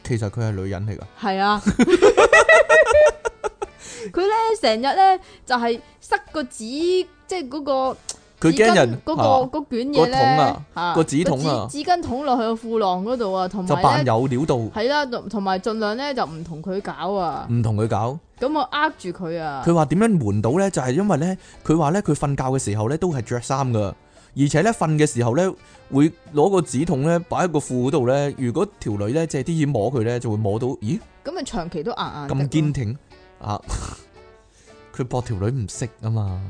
其實佢係女人嚟噶，係啊，佢咧成日咧就係、是、塞個紙，即係嗰個，嗰個，佢驚人嗰個捲嘢咧個紙筒啊，紙巾筒落去個褲浪嗰度啊，同埋咧扮有料度，係啦、啊，同同埋盡量咧就唔同佢搞啊，唔同佢搞。咁我呃住佢啊！佢話點樣瞞到呢？就係因為呢，佢話呢，佢瞓覺嘅時候呢都係着衫噶，而且呢，瞓嘅時候呢會攞個紙筒呢擺喺個褲度呢。如果條女呢借啲嘢摸佢呢，就會摸到咦？咁啊長期都硬硬咁堅挺 <laughs> 啊！佢搏條女唔識啊嘛？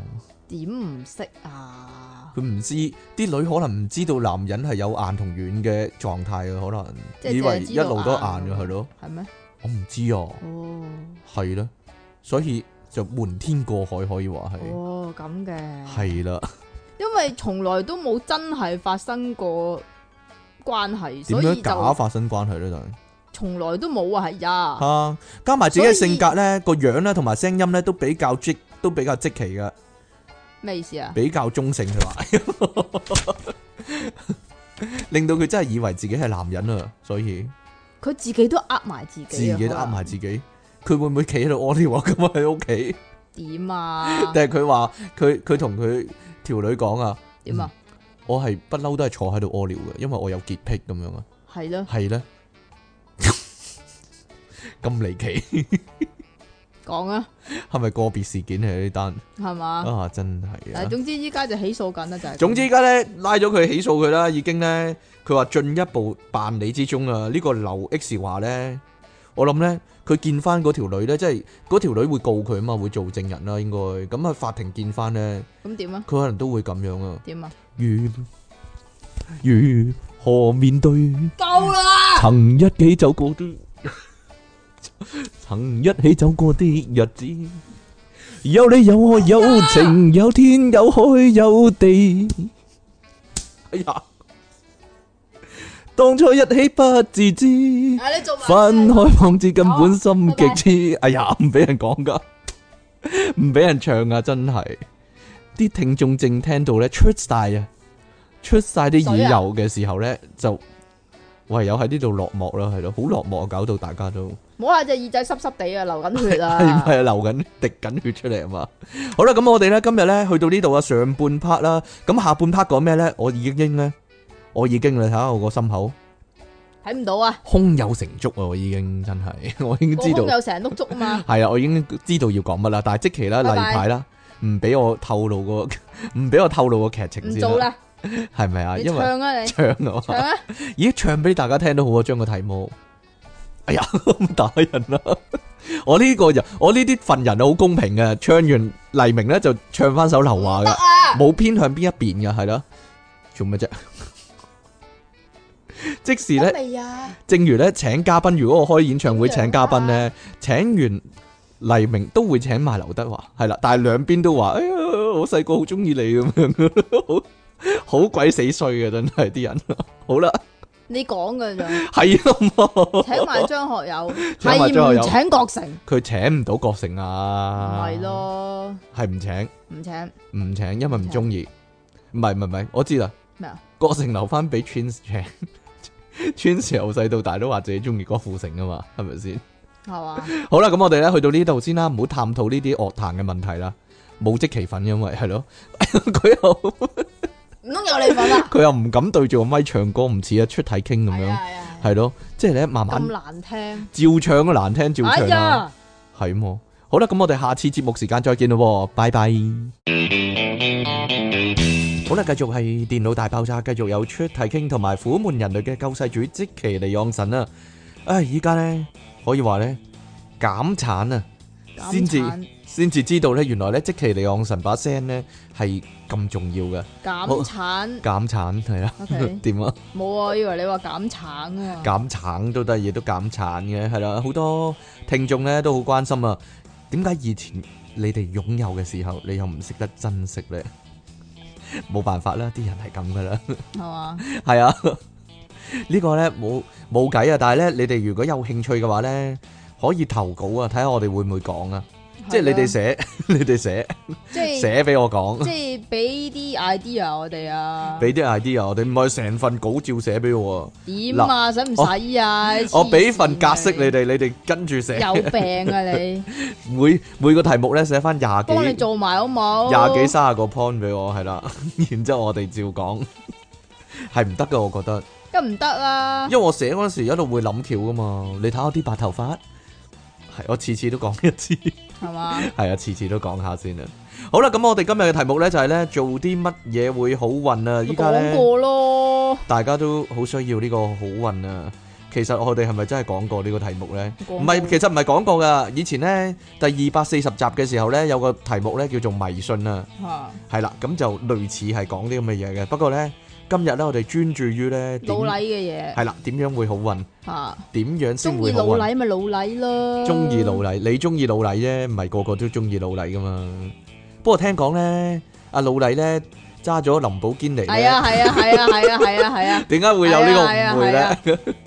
點唔識啊？佢唔知啲女可能唔知道男人係有硬同軟嘅狀態嘅，可能即是 以為一路都硬嘅係咯？係咩？我唔知啊，哦，係咧，所以就瞞天過海可以話係，哦咁嘅，係啦，是的 <laughs> 因為從來都冇真係發生過關係，點樣假發生關係咧就，從來都冇啊，係呀，加埋自己嘅性格呢，個以樣呢，同埋聲音呢，都比較積都比較積淇噶，咩意思啊？比較中性係嘛？ <laughs> <laughs> <laughs> 令到佢真係以為自己係男人啊，所以。佢自己都呃埋自己，自己都呃埋自己。佢會唔會企喺度屙尿啊咁喺屋企？點啊？定係佢話佢佢同佢條女講啊？點啊？我係不嬲都係坐喺度屙尿嘅，因為我有潔癖咁樣啊。係咯，係咧咁離奇。講啊，係咪個別事件嚟，呢單？係嘛？啊，真係啊！但係總之依家就起訴緊啦，就係總之依家咧拉咗佢起訴佢啦，已經咧佢話進一步辦理之中啊！呢個劉 X 話咧，我諗咧佢見翻嗰條女咧，即係嗰條女會告佢啊嘛，會做證人啦，應該咁喺法庭見翻咧，咁點啊？佢可能都會咁樣啊？點啊？如如何面對？夠啦！曾一起走過曾一起走過的日子，有你有我有情有天有海有地。哎呀，當初一起不自知，啊、分開放置根本心極痴。啊、是是哎呀，唔俾人講噶，唔 <laughs> 俾人唱呀，真係啲聽眾正聽到咧出晒啊，出晒啲耳油嘅時候咧就。唯有喺呢度落幕啦，係咯，好落寞，搞到大家都。唔好啊，隻耳仔濕濕地啊，流緊血啊。係啊， <laughs> 流緊滴緊血出嚟啊嘛。 <laughs> 好啦，咁我哋咧今日咧去到呢度啊，上半 part 啦，咁下半 part 講咩咧？我已經咧，我已經啦，睇下我個心口。睇唔到啊。胸有成竹啊，我已經真係，我已經知道。胸有成碌竹啊嘛。係啊， <laughs> 我已經知道要講乜啦。但係即期咧，例牌啦，唔俾我透露個，唔 <laughs> 俾我透露個劇情先。先。唔做啦。係咪啊？因為唱啊你，唱，唱啊，咦？唱俾大家聽都好啊。將個題目，哎呀，咁打人咯，啊！ <laughs> 我呢個人，我呢啲份人好公平嘅。唱完黎明咧，就唱翻首劉華嘅，冇偏，啊、向邊一邊嘅，係咯。做乜啫？ <laughs> 即時咧呢，正如咧，請嘉賓。如果我開演唱會請嘉賓咧，請完黎明都會請埋劉德華，係啦。但係兩邊都話：哎呀，我細個好中意你咁樣。 <laughs> 好鬼死衰嘅真係啲人，好啦，你講嘅咋？係啊 <laughs> 嗎，請埋張學友，係 <laughs> 唔請郭成。佢請唔到郭成啊，係咯，係唔請？唔請？唔請？因為唔中意。唔係唔係唔係，我知啦。咩啊麼？郭成留翻俾 Twins 請 <laughs> ，Twins 由細到大都話自己中意郭富城啊嘛，係咪先？係啊， <laughs> 好啦，咁我哋咧去到呢度先啦，唔好探討呢啲樂壇嘅問題啦，冇稽其份，因為係咯，佢 <laughs> 又他很。 <laughs> 唔通有你份啊！佢 <laughs> 又唔敢對住個咪，咪唱歌，唔似啊出體傾咁樣，係咯，啊啊，即係你一慢慢咁難聽，照唱都難聽，照唱啊，係麼，哎呀？好啦，咁我哋下次節目時間再見咯，拜拜。 <music> 好啦，繼續係電腦大爆炸，繼續有出體傾同埋苦悶人類嘅救世主積淇離岸神啊！唉，依家咧可以話咧減產啊，先至先至知道咧，原來咧積淇離岸神把聲咧係。咁重要嘅，減產，減產係啊，點啊？冇啊，以為你話減產啊？減產都得嘢，都減產嘅，係啦。好多聽眾咧都好關心啊，點解以前你哋擁有嘅時候，你又唔識得珍惜咧？冇辦法啦，啲人係咁噶啦。係嘛？係啊，呢個咧冇冇計啊！但係咧，你哋如果有興趣嘅話咧，可以投稿啊，睇下我哋會唔會講啊？即係你哋寫，你哋寫，即係寫俾我講，即係俾啲 idea 我哋啊，俾啲 idea 我哋，唔可以成份稿照寫俾我。點啊，使唔使啊？我俾份格式你哋，你哋跟住寫。有病啊你！每每個題目咧寫翻廿幾，幫你做埋好冇？廿幾三十個 point 俾我，係啦，然之後我哋照講，係唔得噶，我覺得。咁唔得啦。因為我寫嗰陣時一路會諗橋噶嘛，你睇下啲白頭髮。我次次都講一次，係 <laughs> 嘛？係啊，次次都講下先啊。好啦，咁我哋今日嘅題目呢，就係、是啊、呢：做啲乜嘢會好運啊！依家咧，大家都好需要呢個好運啊。其實我哋係咪真係講過呢個題目呢？唔係，其實唔係講過噶。以前呢，第二百四十集嘅時候呢，有個題目呢叫做迷信啊，係啦、啊，咁就類似係講啲咁嘅嘢嘅。不過呢。今日咧，我哋專注於咧老禮嘅嘢，係啦，點樣會好運？嚇，點樣先會好運？中意老禮咪老禮咯。中意老禮，你中意老禮啫，唔係個個都中意老禮噶嘛。不過聽講咧，阿老禮咧揸咗林寶堅尼。係啊，係啊，係啊，係啊，係啊，係啊。點解會有呢個誤會咧？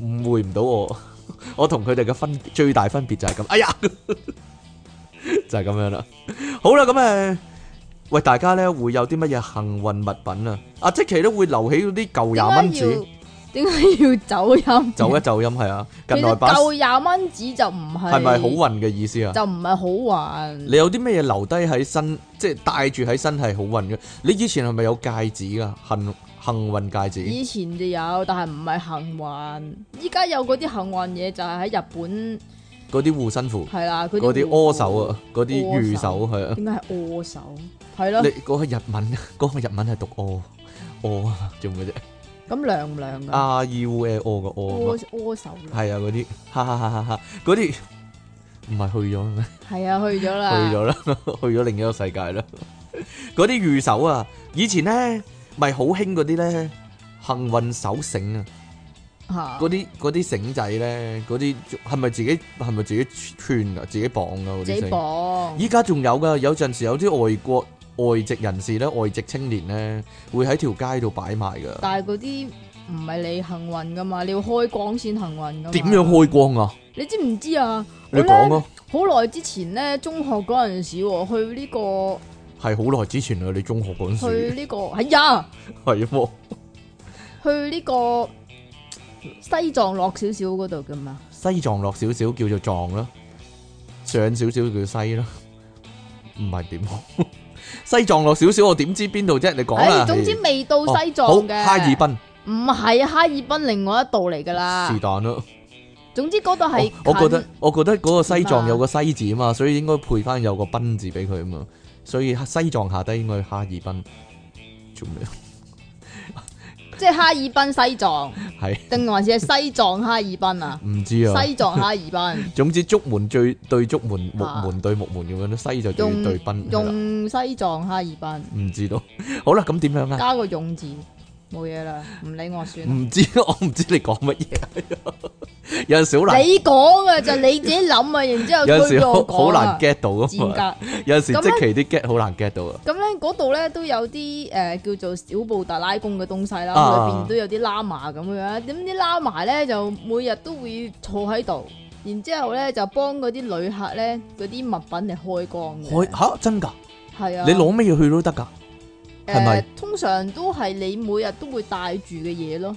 誤會唔到我，我同佢哋嘅分最大分別就係咁，哎呀， <laughs> 就係咁樣啦。好啦，咁誒，喂、呃，大家咧會有啲乜嘢幸運物品啊？阿積淇都會留起嗰啲舊廿蚊紙。點解要走音？走一走音係啊！近來夠廿蚊紙就唔係係咪好運嘅意思啊？就唔係好運。你有啲咩嘢留低喺身，即係帶住喺身係好運嘅？你以前係咪有戒指啊？幸幸運戒指？以前就有，但係唔係幸運。依家有嗰啲幸運嘢就係喺日本嗰啲護身符係啦，嗰啲柯手啊，嗰啲手御手係手啊。點解係柯手？係咯、啊？你嗰、那個日文嗰、那個日文係讀柯柯啊？做咩啫？ <laughs> <laughs> 咁涼唔涼噶？AUAL 嘅 O，握手係啊，嗰啲，哈哈哈！嗰啲唔係去咗咩？係啊，去咗啦，去咗啦，去咗另一個世界啦。嗰啲御守啊，以前咧咪好興嗰啲咧幸運手繩啊，嗰啲嗰啲繩仔咧，嗰啲係咪自己係咪自己串噶？自己綁噶嗰啲繩。自己綁。依家仲有噶，有陣時有啲外國。外籍人士咧，外籍青年咧，會喺條街度擺埋噶。但係嗰啲唔係你幸運噶嘛，你要開光先幸運噶。點樣開光啊？你知唔知啊？你講啊。好耐之前咧，中學嗰陣時去呢、這個係好耐之前啊，你中學嗰陣時去呢、這個係、哎、呀，係 <laughs> 去呢、這個西藏落少少嗰度噶嘛？西藏落少少叫做藏啦，上少少叫西啦，唔係點？ <laughs> 西藏落少少，我點知邊度啫？你講啦。總之未到西藏嘅。哦，哈爾濱唔係啊，哈爾濱另外一度嚟噶啦。是但咯。總之嗰度係，我覺得我覺得嗰個西藏有個西字啊嘛，嗎所以應該配翻有個濱字俾佢啊嘛，所以西藏下低應該係哈爾濱做咩？即係哈爾濱西藏，係定還是係西藏哈爾濱啊？唔知啊，西藏哈爾濱。總之，竹門對對竹門木門對木門咁樣咯，西就對對濱，用西藏哈爾濱。唔知道。好啦，咁點樣啊？加個勇字。冇嘢啦，唔理我算唔知我唔知你講乜嘢， <laughs> 有陣時好難。 <laughs> 你講啊，就你自己諗啊，然之後 get <laughs> 到啦。格有陣時即奇啲 get 好難 get 到啊。咁咧嗰度咧都有啲誒、呃、叫做小布達拉宮嘅東西啦，啊、裏邊都有啲喇嘛咁樣。點啲喇嘛咧就每日都會坐喺度，然之後咧就幫嗰啲旅客咧嗰啲物品嚟開光。開吓真噶？係啊。啊你攞乜嘢去都得噶？係咪通常都係你每日都會帶住嘅嘢咯？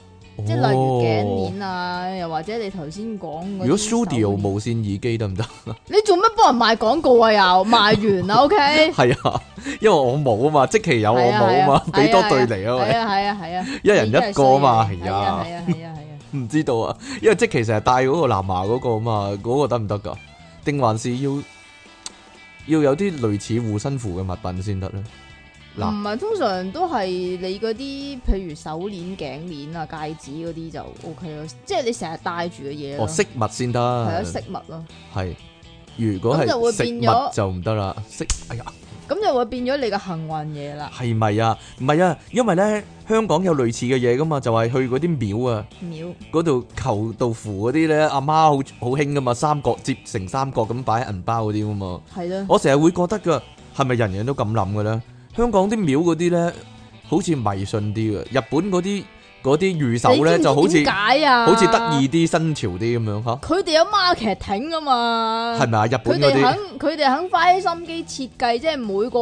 即係例如頸鏈啊，又或者你頭先講嗰啲，如果 Studio 無線耳機得唔得？你做乜幫人賣廣告啊？又賣完啦，OK？係啊，因為我冇啊嘛，即期有我冇啊嘛，俾多對嚟啊！係啊係啊係啊！一人一個啊嘛，係啊係啊係啊！唔知道啊，因為即期成日帶嗰個藍牙嗰個啊嘛，嗰個得唔得噶？定還是要要有啲類似護身符嘅物品先得咧？嗱，唔係通常都係你嗰啲，譬如手鏈、頸鏈啊、戒指嗰啲就 O K 咯，即係你成日戴住嘅嘢哦，飾物先得，係啊，飾物咯。係如果咁就、哎、就會變咗就唔得啦。飾哎呀，咁就會變咗你嘅幸運嘢啦。係咪啊？唔係啊，因為咧香港有類似嘅嘢噶嘛，就係、係、去嗰啲廟啊廟嗰度求道符嗰啲咧，阿媽好好興噶嘛，三角接成三角咁擺銀包嗰啲噶嘛。係啊的，我成日會覺得噶係咪？係咪人人都咁諗噶咧？香港啲廟嗰啲咧，好似迷信啲嘅。日本嗰啲嗰啲御守咧，就好似好似得意啲、新潮啲咁樣。吓，佢哋有 marketing 啊嘛。係咪啊？日本嗰啲，佢哋肯佢哋肯花起心機設計，即係每個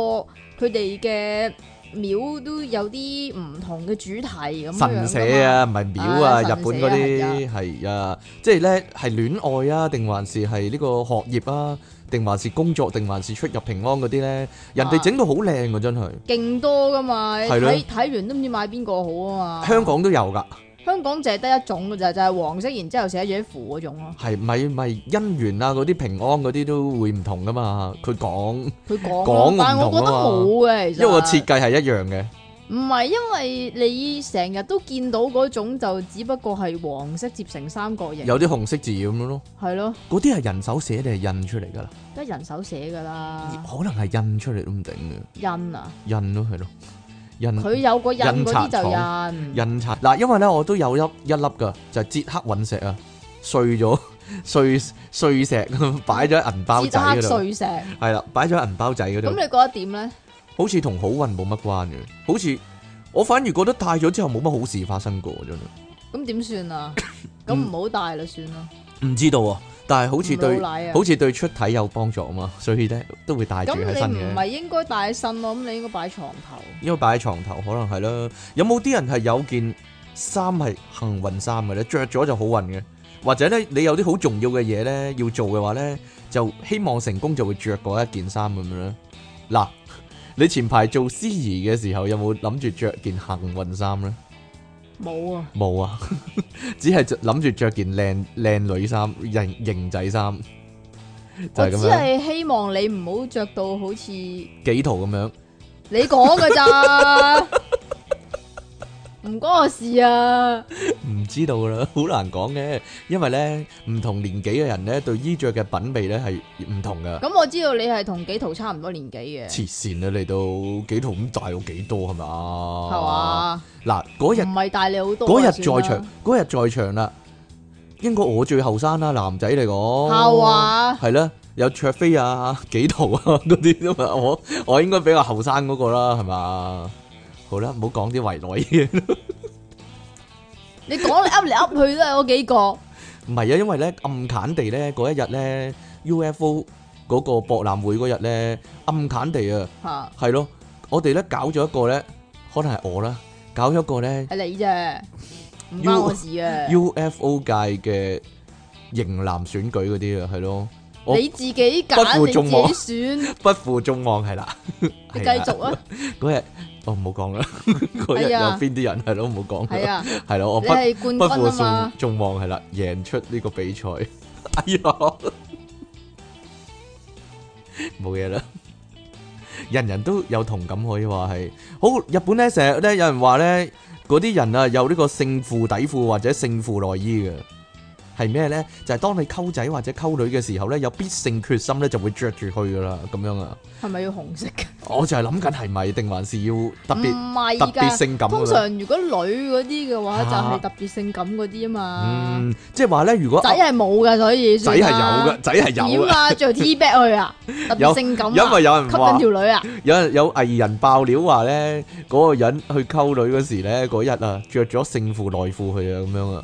佢哋嘅廟都有啲唔同嘅主題，咁神社啊，唔係廟啊，啊哎、啊日本嗰啲係啊，即係咧係戀愛啊，定還是係呢個學業啊？定還是工作定還是出入平安嗰啲咧？人哋整到好靚喎，啊、真係的勁多噶嘛！你睇的完都唔知買邊個好啊嘛！香港都有噶，香港淨係得一種噶咋，就係、是、黃色，然之後寫住啲符嗰種咯。係咪咪姻緣啊嗰啲平安嗰啲都會唔同噶嘛？佢講佢講，講講但係我覺得冇嘅，因為個設計係一樣嘅。唔係，因為你成日都見到嗰種，就只不過係黃色接成三角形，有啲紅色字咁樣咯，係咯，嗰啲係人手寫定係印出嚟噶啦？都係人手寫噶啦，可能係印出嚟都唔定嘅，印啊，印咯係咯，印，佢有個印嗰啲就印，印刷嗱，因為咧我都有一一粒噶，就係捷克隕石啊，碎咗碎碎石，擺咗喺銀包，捷克碎石，係啦，擺咗喺銀包仔嗰度，咁你覺得點咧？好似同好運冇乜關嘅，好似我反而覺得戴咗之後冇乜好事發生過，真係。咁點算啊？咁唔好戴啦，算、嗯、啦。唔知道啊，但係好似對、啊、好似對出體有幫助啊嘛，所以咧都會戴住喺身唔係、嗯、應該戴身咯，咁你應該擺喺床頭。因為擺喺床頭可能係啦。有冇啲人係有件衫係幸運衫嘅咧？着咗就好運嘅，或者咧你有啲好重要嘅嘢咧要做嘅話咧，就希望成功就會着嗰一件衫咁樣啦。嗱。你前排做司儀嘅時候有冇諗住着件幸運衫咧？冇啊！冇有啊！ <laughs> 只係諗住着件靚靚女衫、型型仔衫，就係、只係希望你唔好着到好似幾圖咁樣，你講噶咋？ <laughs> <laughs> 唔關我事啊！唔知道啦，好難講嘅，因為咧唔同年紀嘅人咧對衣着嘅品味咧係唔同噶。咁我知道你係同幾圖差唔多年紀嘅，黐線啊，你都幾圖咁大有幾多係嘛？係嘛？嗱，嗰日唔係大你好多，嗰日在場，嗰日在場啦。應該我最後生啦，男仔嚟講，係啦，有卓飛啊，幾圖啊，嗰啲都我我應該比較後生嗰個啦，係嘛？好啦，唔好講啲圍內嘢。你講嚟噏嚟噏去都係嗰幾個。唔係啊，因為咧暗淡地咧嗰一日咧 UFO 嗰個博覽會嗰日咧暗淡地啊，係咯，我哋咧搞咗一個咧，可能係我啦，搞咗一個咧係你啫，唔關我事啊。UFO 界嘅型男選舉嗰啲啊，係咯，你自己揀你自己選，不負眾望係啦，繼續啊，嗰日。哦，唔好講啦，嗰日呀 <laughs> 有邊啲人係咯，唔好講，係咯呀， <laughs> 我不不負眾望係啦，贏出呢個比賽，哎呀，冇嘢啦，人人都有同感，可以話係好，日本咧成日咧有人話咧嗰啲人啊有呢個勝負底褲或者勝負內衣嘅。係咩咧？就係、是、當你溝仔或者溝女嘅時候咧，有必勝決心咧，就會着住去噶啦，咁樣啊。係咪要紅色噶？我就係諗緊係咪，定還是要特別特別性感。通常如果女嗰啲嘅話，就係特別性感嗰啲啊嘛。嗯，即係話咧，如果仔係冇嘅，所以仔係有嘅，仔係有啊。點啊？着 T 恤去啊？ <laughs> 特別性感、啊、有因有有人吸引條女啊！有人有藝人爆料話咧，嗰個人去溝女嗰時咧，嗰日啊着咗性褲內褲去啊，咁樣啊。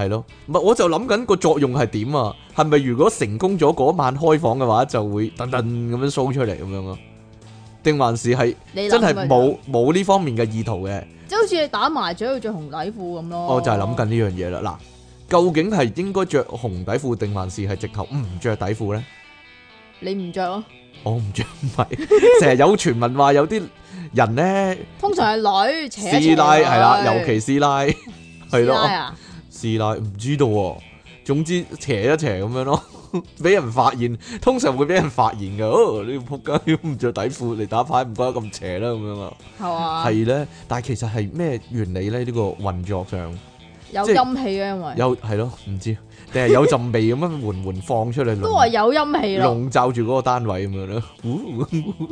係咯，唔係我就諗緊個作用係點啊？係咪如果成功咗嗰晚開房嘅話，就會噔噔咁樣 show 出嚟咁樣咯？定還是係真係冇冇呢方面嘅意圖嘅？即係好似你打麻雀要着紅底褲咁咯。我就係諗緊呢樣嘢啦。嗱，究竟係應該着紅底褲定還是係直頭唔着底褲咧？你唔着啊？我唔着，唔係成日有傳聞話有啲人咧，通常係女師奶係啦，尤其師奶係咯。師奶唔知道喎，總之邪一邪咁樣咯，俾人發現通常會俾人發現嘅。哦，你仆街，唔着底褲嚟打牌唔覺得咁邪啦咁樣啊？係啊，係咧。但係其實係咩原理咧？呢個運作上有陰氣啊，因為有係咯，唔知定係有陣味咁樣緩緩放出嚟，都話有陰氣啊，籠罩住嗰個單位咁樣咯。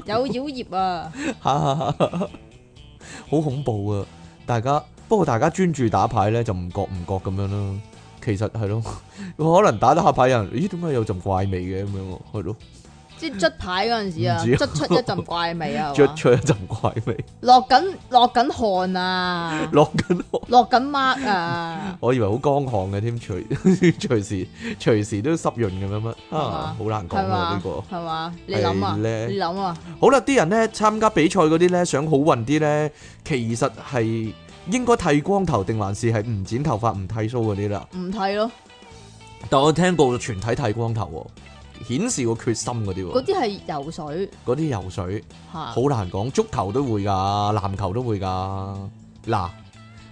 有妖孽啊！吓，好恐怖啊！大家。不過大家專注打牌咧，就唔覺唔覺咁樣咯。其實係咯，可能打到下牌有人咦？點解有陣怪味嘅咁樣？係咯，即係捽牌嗰陣時啊，捽出一陣怪味啊，捽出一陣怪味。落緊落緊汗啊，落緊落緊 mark 啊。我以為好乾旱嘅添，隨隨時隨時時都濕潤咁樣乜啊，好難講啊呢個。係嘛？你諗啊？你諗啊？好啦，啲人咧參加比賽嗰啲咧想好運啲咧，其實係。應該剃光頭定還是係唔剪頭髮唔剃鬚嗰啲啦？唔剃咯。但我聽過全體剃光頭，顯示個決心嗰啲。嗰啲係游水，嗰啲游水，好行難講。足球都會噶，籃球都會噶。嗱，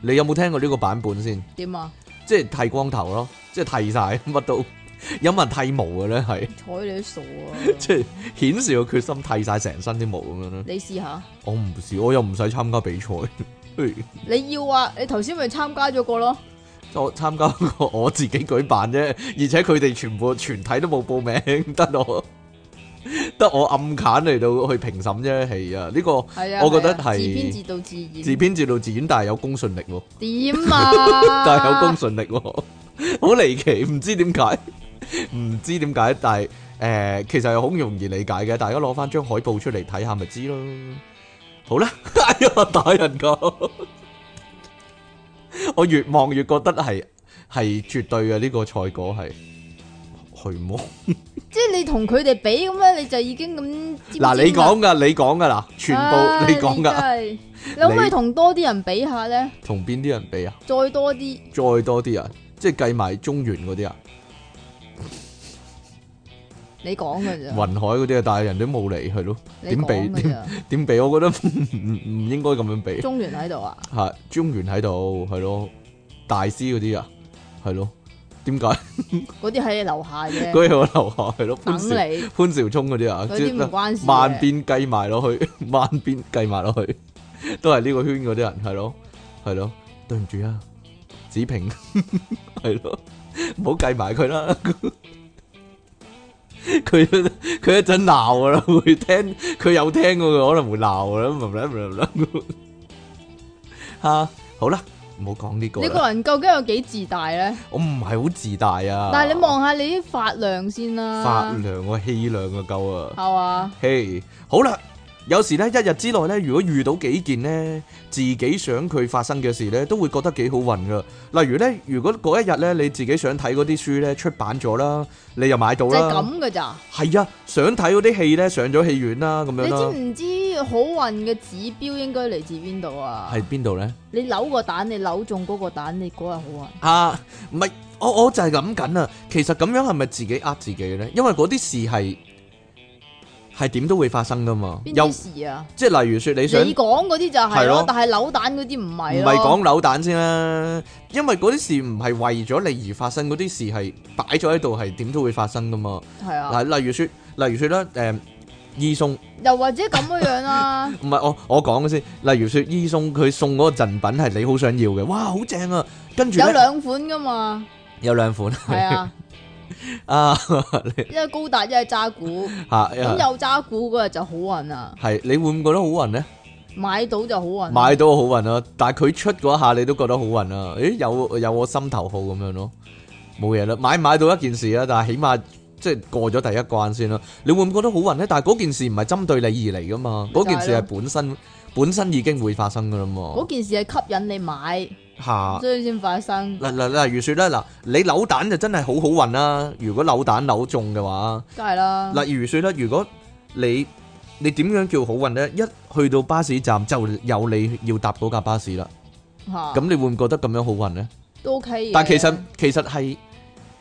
你有冇聽過呢個版本先？點啊樣？即係剃光頭咯，即係剃晒乜都， <laughs> 有冇人剃毛嘅咧？係睬你都傻啊！即係顯示個決心，剃晒成身啲毛咁樣咧。你試下。我唔試，我又唔使參加比賽。 <laughs> 你要啊？你頭先咪參加咗個咯？我參加過我自己舉辦啫，而且佢哋全部全體都冇報名，得我得我暗砍嚟,到去評審啫，係、這個，啊？呢個我覺得係、啊、自編自導自演，自編自導自演，但係有公信力喎。點啊？但係有公信力，好離、啊、 <laughs> 奇，唔知點解，唔知點解，但係誒、呃，其實好容易理解嘅，大家攞翻張海報出嚟睇下咪知咯。好啦，哎呀打人㗎， <laughs> 我越望越覺得係係絕對嘅呢、這個賽果係虛妄， <laughs> 即係你同佢哋比咁咧，你就已經咁。嗱、啊，你講噶，你講噶啦，全部、啊、你講噶，可唔 <laughs> 可以同多啲人比下咧？同邊啲人比啊？再多啲，再多啲啊！即係計埋中原嗰啲啊！你講嘅啫，雲海嗰啲啊，但係人都冇嚟，係咯，點避？點點避？我覺得唔唔應該咁樣避。中原喺度啊，係，中原喺度，係咯，大師嗰啲啊，係咯，點解？嗰啲喺你樓下嘅，嗰啲喺我樓下係咯，等你潘紹聰嗰啲啊，嗰啲唔關事，萬變計埋落去，萬變計埋落去，都係呢個圈嗰啲人，係咯，係咯，對唔住啊，子平，係咯，唔好計埋佢啦。佢佢 <laughs> 一陣鬧我啦，會聽佢有聽過佢可能會鬧我啦，啦 <laughs> 吓、啊、好啦，唔好講呢個。你個人究竟有幾自大咧？我唔係好自大啊。但係你望下你啲髮量先啦，髮量啊，氣量啊夠啊。係啊，hey, 好啊。嘿，好啦。有時咧，一日之內咧，如果遇到幾件咧自己想佢發生嘅事咧，都會覺得幾好運噶。例如咧，如果嗰一日咧你自己想睇嗰啲書咧出版咗啦，你又買到啦。係咁嘅咋？係呀、啊，想睇嗰啲戲咧上咗戲院啦，咁樣。你知唔知好運嘅指標應該嚟自邊度啊？係邊度咧？你扭個蛋，你扭中嗰個蛋，你嗰日好運。啊，唔係，我我就係諗緊啊。其實咁樣係咪自己呃自己嘅咧？因為嗰啲事係。係點都會發生噶嘛？邊啲事啊？即係例如說你想你講嗰啲就係咯、啊，但係扭蛋嗰啲唔係。唔係講扭蛋先啦、啊，因為嗰啲事唔係為咗你而發生，嗰啲事係擺咗喺度係點都會發生噶嘛。係啊的，嗱，例如說，例如說咧，誒、嗯，義送又或者咁嘅樣啦、啊。唔係 <laughs> 我我講嘅先，例如說義送佢送嗰個贈品係你好想要嘅，哇，好正啊！跟住有兩款噶嘛， <laughs> 有兩款係啊。.啊！一係高達，一係揸股，咁有揸股嗰日就好運啦。係，你會唔覺得好運咧？買到就好運，買到好運啦。但係佢出嗰一下，你都覺得好運啦。誒，有有我心頭好咁樣咯，冇嘢啦。買唔買到一件事啦，但係起碼即係過咗第一關先咯。你會唔覺得好運咧？但係嗰件事唔係針對你而嚟噶嘛？嗰件事係本身本身已經會發生噶啦嘛？嗰件事係吸引你買。吓，所以先發生。嗱嗱，例如説咧，嗱，你扭蛋就真係好好運啦。如果扭蛋扭中嘅話，梗係啦。例如説咧，如果你你點樣叫好運咧？一去到巴士站就有你要搭到架巴士啦。吓！咁你會唔覺得咁樣好運咧？都 OK 嘅。但其實其實係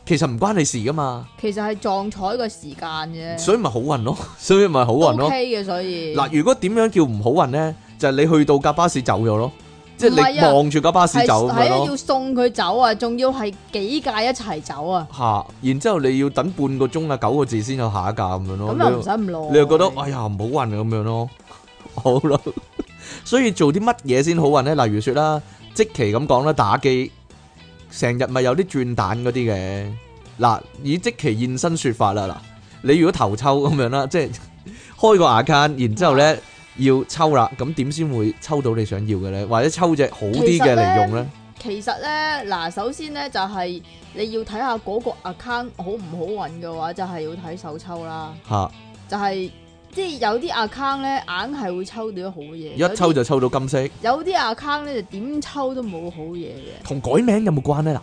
其實唔關你事噶嘛。其實係撞彩個時間啫。所以咪好運咯，所以咪好運咯。OK 嘅，所以。嗱，如果點樣叫唔好運咧？就係你去到架巴士走咗咯。即係你望住架巴士走咁咯，要送佢走啊，仲要係幾架一齊走啊？吓、啊，然之後你要等半個鐘啊，九個字先有下一架咁樣咯。咁又唔使咁耐，你又覺得哎呀唔好運咁樣咯，好啦。所以做啲乜嘢先好運咧？例如說啦，積淇咁講啦，打機成日咪有啲轉蛋嗰啲嘅。嗱、啊，以積淇現身說法啦，嗱、啊，你如果頭抽咁樣啦，即係開個 account，然之後咧。要抽啦，咁點先會抽到你想要嘅咧？或者抽隻好啲嘅嚟用咧？其實咧，嗱，首先咧就係、是、你要睇下嗰個 account 好唔好運嘅話，就係、是、要睇手抽啦。吓哈，就係、是、即係有啲 account 咧，硬係會抽到好嘢。一抽就抽到金色。有啲 account 咧，就點抽都冇好嘢嘅。同改名有冇關咧？嗱，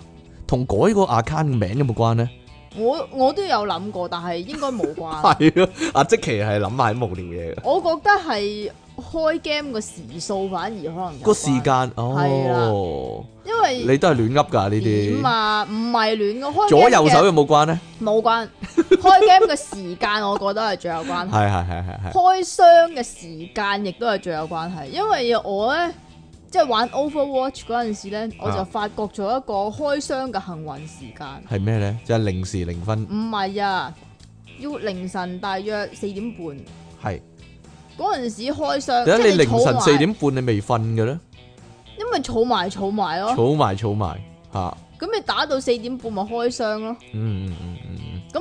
同改個 account 嘅名有冇關咧？我我都有諗過，但係應該冇關。係咯、 <laughs> 啊，阿積淇係諗埋啲無聊嘢。我覺得係開 game 嘅時數反而可能有個時間哦。係啦，因為你都係亂噏噶呢啲。嘛唔係亂嘅開。左右手有冇關呢？冇關， <laughs> 開 game 嘅時間我覺得係最有關係。係係係係係。開箱嘅時間亦都係最有關係，因為我咧。即係玩 Overwatch 嗰陣時咧，我就發覺咗一個開箱嘅幸運時間係咩咧？就係零時零分？唔係啊，要凌晨大約四點半。係。嗰陣時開箱，即係你凌晨四點半你未瞓嘅咧？因為儲埋儲埋咯，儲埋儲埋吓。咁你打到四點半咪開箱咯？嗯嗯嗯嗯。咁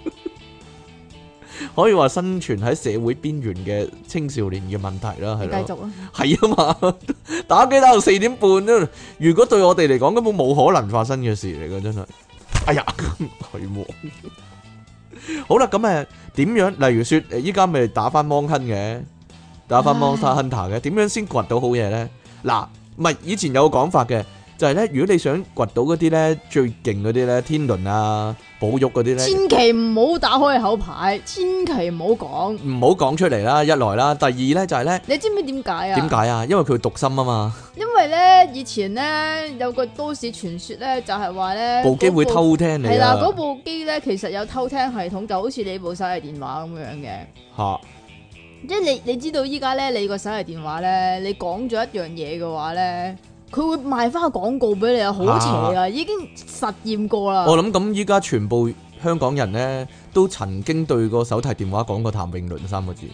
可以話生存喺社會邊緣嘅青少年嘅問題啦，係咯，係啊嘛，打機打到四點半都，如果對我哋嚟講根本冇可能發生嘅事嚟噶，真係，哎呀，佢喎。好啦，咁誒，點樣？例如說，依家咪打翻《芒亨》嘅，打翻《芒沙亨塔》嘅，點樣先掘到好嘢咧？嗱，唔係以前有個講法嘅。就係咧，如果你想掘到嗰啲咧最勁嗰啲咧天輪啊寶玉嗰啲咧，千祈唔好打開口牌，千祈唔好講，唔好講出嚟啦！一來啦，第二咧就係咧，你知唔知點解啊？點解啊？因為佢讀心啊嘛。因為咧，以前咧有個都市傳說咧，就係話咧部機會偷聽你。係啦，嗰部機咧其實有偷聽系統，就好似你部手提電話咁樣嘅。吓，即係你你知道依家咧，你個手提電話咧，你講咗一樣嘢嘅話咧。佢會賣翻個廣告俾你啊！好邪啊！已經實驗過啦。我諗咁依家全部香港人呢都曾經對個手提電話講過譚詠麟三個字。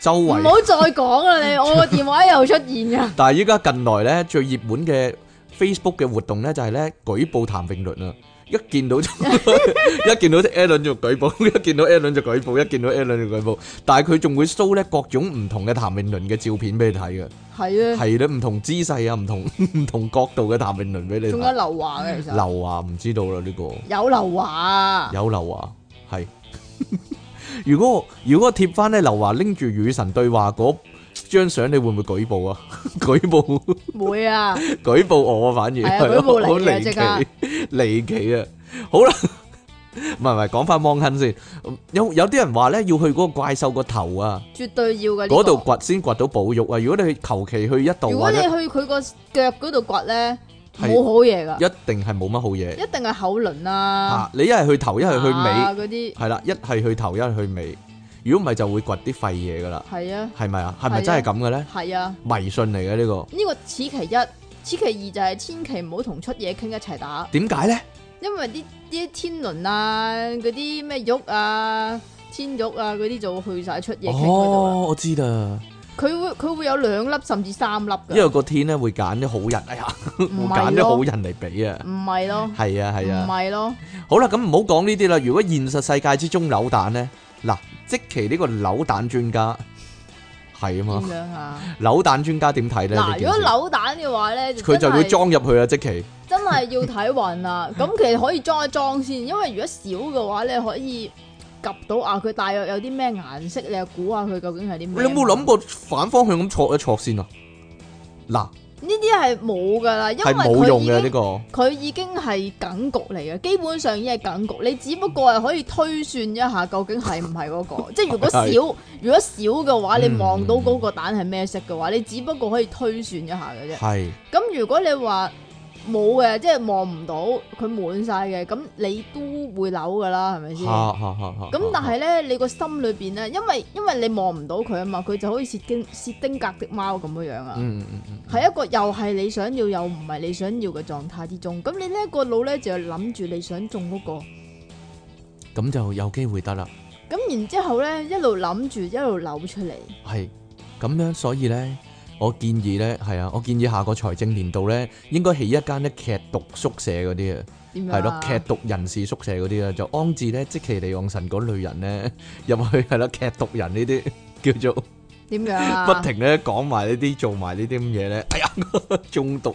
周圍唔好再講啦！你我個電話又出現啊！但係依家近來呢最熱門嘅 Facebook 嘅活動呢就係呢舉報譚詠麟啊！一見到一見到即 Alan 就舉報，一見到 Alan 就舉報，一見到 Alan 就舉報。但係佢仲會 show 咧各種唔同嘅譚詠麟嘅照片俾你睇嘅，係咧係咧唔同姿勢啊，唔同唔同角度嘅譚詠麟俾你。仲有劉華嘅其實。劉華唔知道啦呢個。有劉華。有劉華係。如果如果貼翻咧，劉華拎住與神對話嗰張相你會唔會舉報啊？舉報？會啊！舉報我啊，反而係啊！舉報嚟嘅只噶，離奇啊！好啦，唔係唔係，講翻芒肯先。有有啲人話咧，要去嗰個怪獸個頭啊，絕對要嘅。嗰度掘先掘到寶玉啊！如果你求其去一度，如果你去佢個腳嗰度掘咧，冇好嘢噶，一定係冇乜好嘢，一定係口輪啦。啊，你一係去頭，一係去尾嗰啲，係啦，一係去頭，一係去尾。如果唔係就會掘啲廢嘢噶啦，係啊，係咪啊？係咪真係咁嘅咧？係啊，迷信嚟嘅，呢個。呢個此其一，此其二就係千祈唔好同出嘢傾一齊打。點解咧？因為啲啲天輪啊，嗰啲咩玉啊，千玉啊，嗰啲就會去晒出嘢傾。哦，我知啦。佢會佢會有兩粒甚至三粒。因為個天咧會揀啲好人，哎呀，會揀啲好人嚟俾啊。唔係咯。係啊係啊。唔係咯。好啦，咁唔好講呢啲啦。如果現實世界之中扭蛋咧，嗱。即淇呢個扭蛋專家係啊嘛，扭蛋專家點睇咧？嗱，如果扭蛋嘅話咧，佢就會裝入去啦。即淇，真係要睇運啦。咁 <laughs> 其實可以裝一裝先，因為如果少嘅話你可以及到啊。佢大約有啲咩顏色？你又估下佢究竟係啲咩？你有冇諗過反方向咁戳一戳先啊？嗱。呢啲係冇㗎啦，因為佢已經佢已經係梗局嚟嘅，基本上已經係梗局。你只不過係可以推算一下究竟係唔係嗰個。 <laughs> 即係如果少， <laughs> 如果少嘅話，你望到嗰個蛋係咩色嘅話，你只不過可以推算一下嘅啫。係。咁如果你話，冇嘅，即係望唔到佢滿晒嘅，咁你都會扭噶啦，係咪先？咁但係咧，你個心裏邊咧，因為因為你望唔到佢啊嘛，佢就好似薛丁薛丁格的貓咁樣樣啊，係一個又係你想要又唔係你想要嘅狀態之中，咁你咧個腦咧就諗住你想中嗰個，咁就有機會得啦。咁然之後咧，一路諗住一路扭出嚟，係咁樣，所以咧。我建議咧，係啊，我建議下個財政年度咧，應該起一間咧劇毒宿舍嗰啲啊，係咯、啊，劇毒人士宿舍嗰啲啊，就安置咧積淇離岸神嗰類人咧入去，係咯、啊，劇毒人呢啲叫做點樣、啊、 <laughs> 不停咧講埋呢啲做埋呢啲咁嘢咧，哎呀，中毒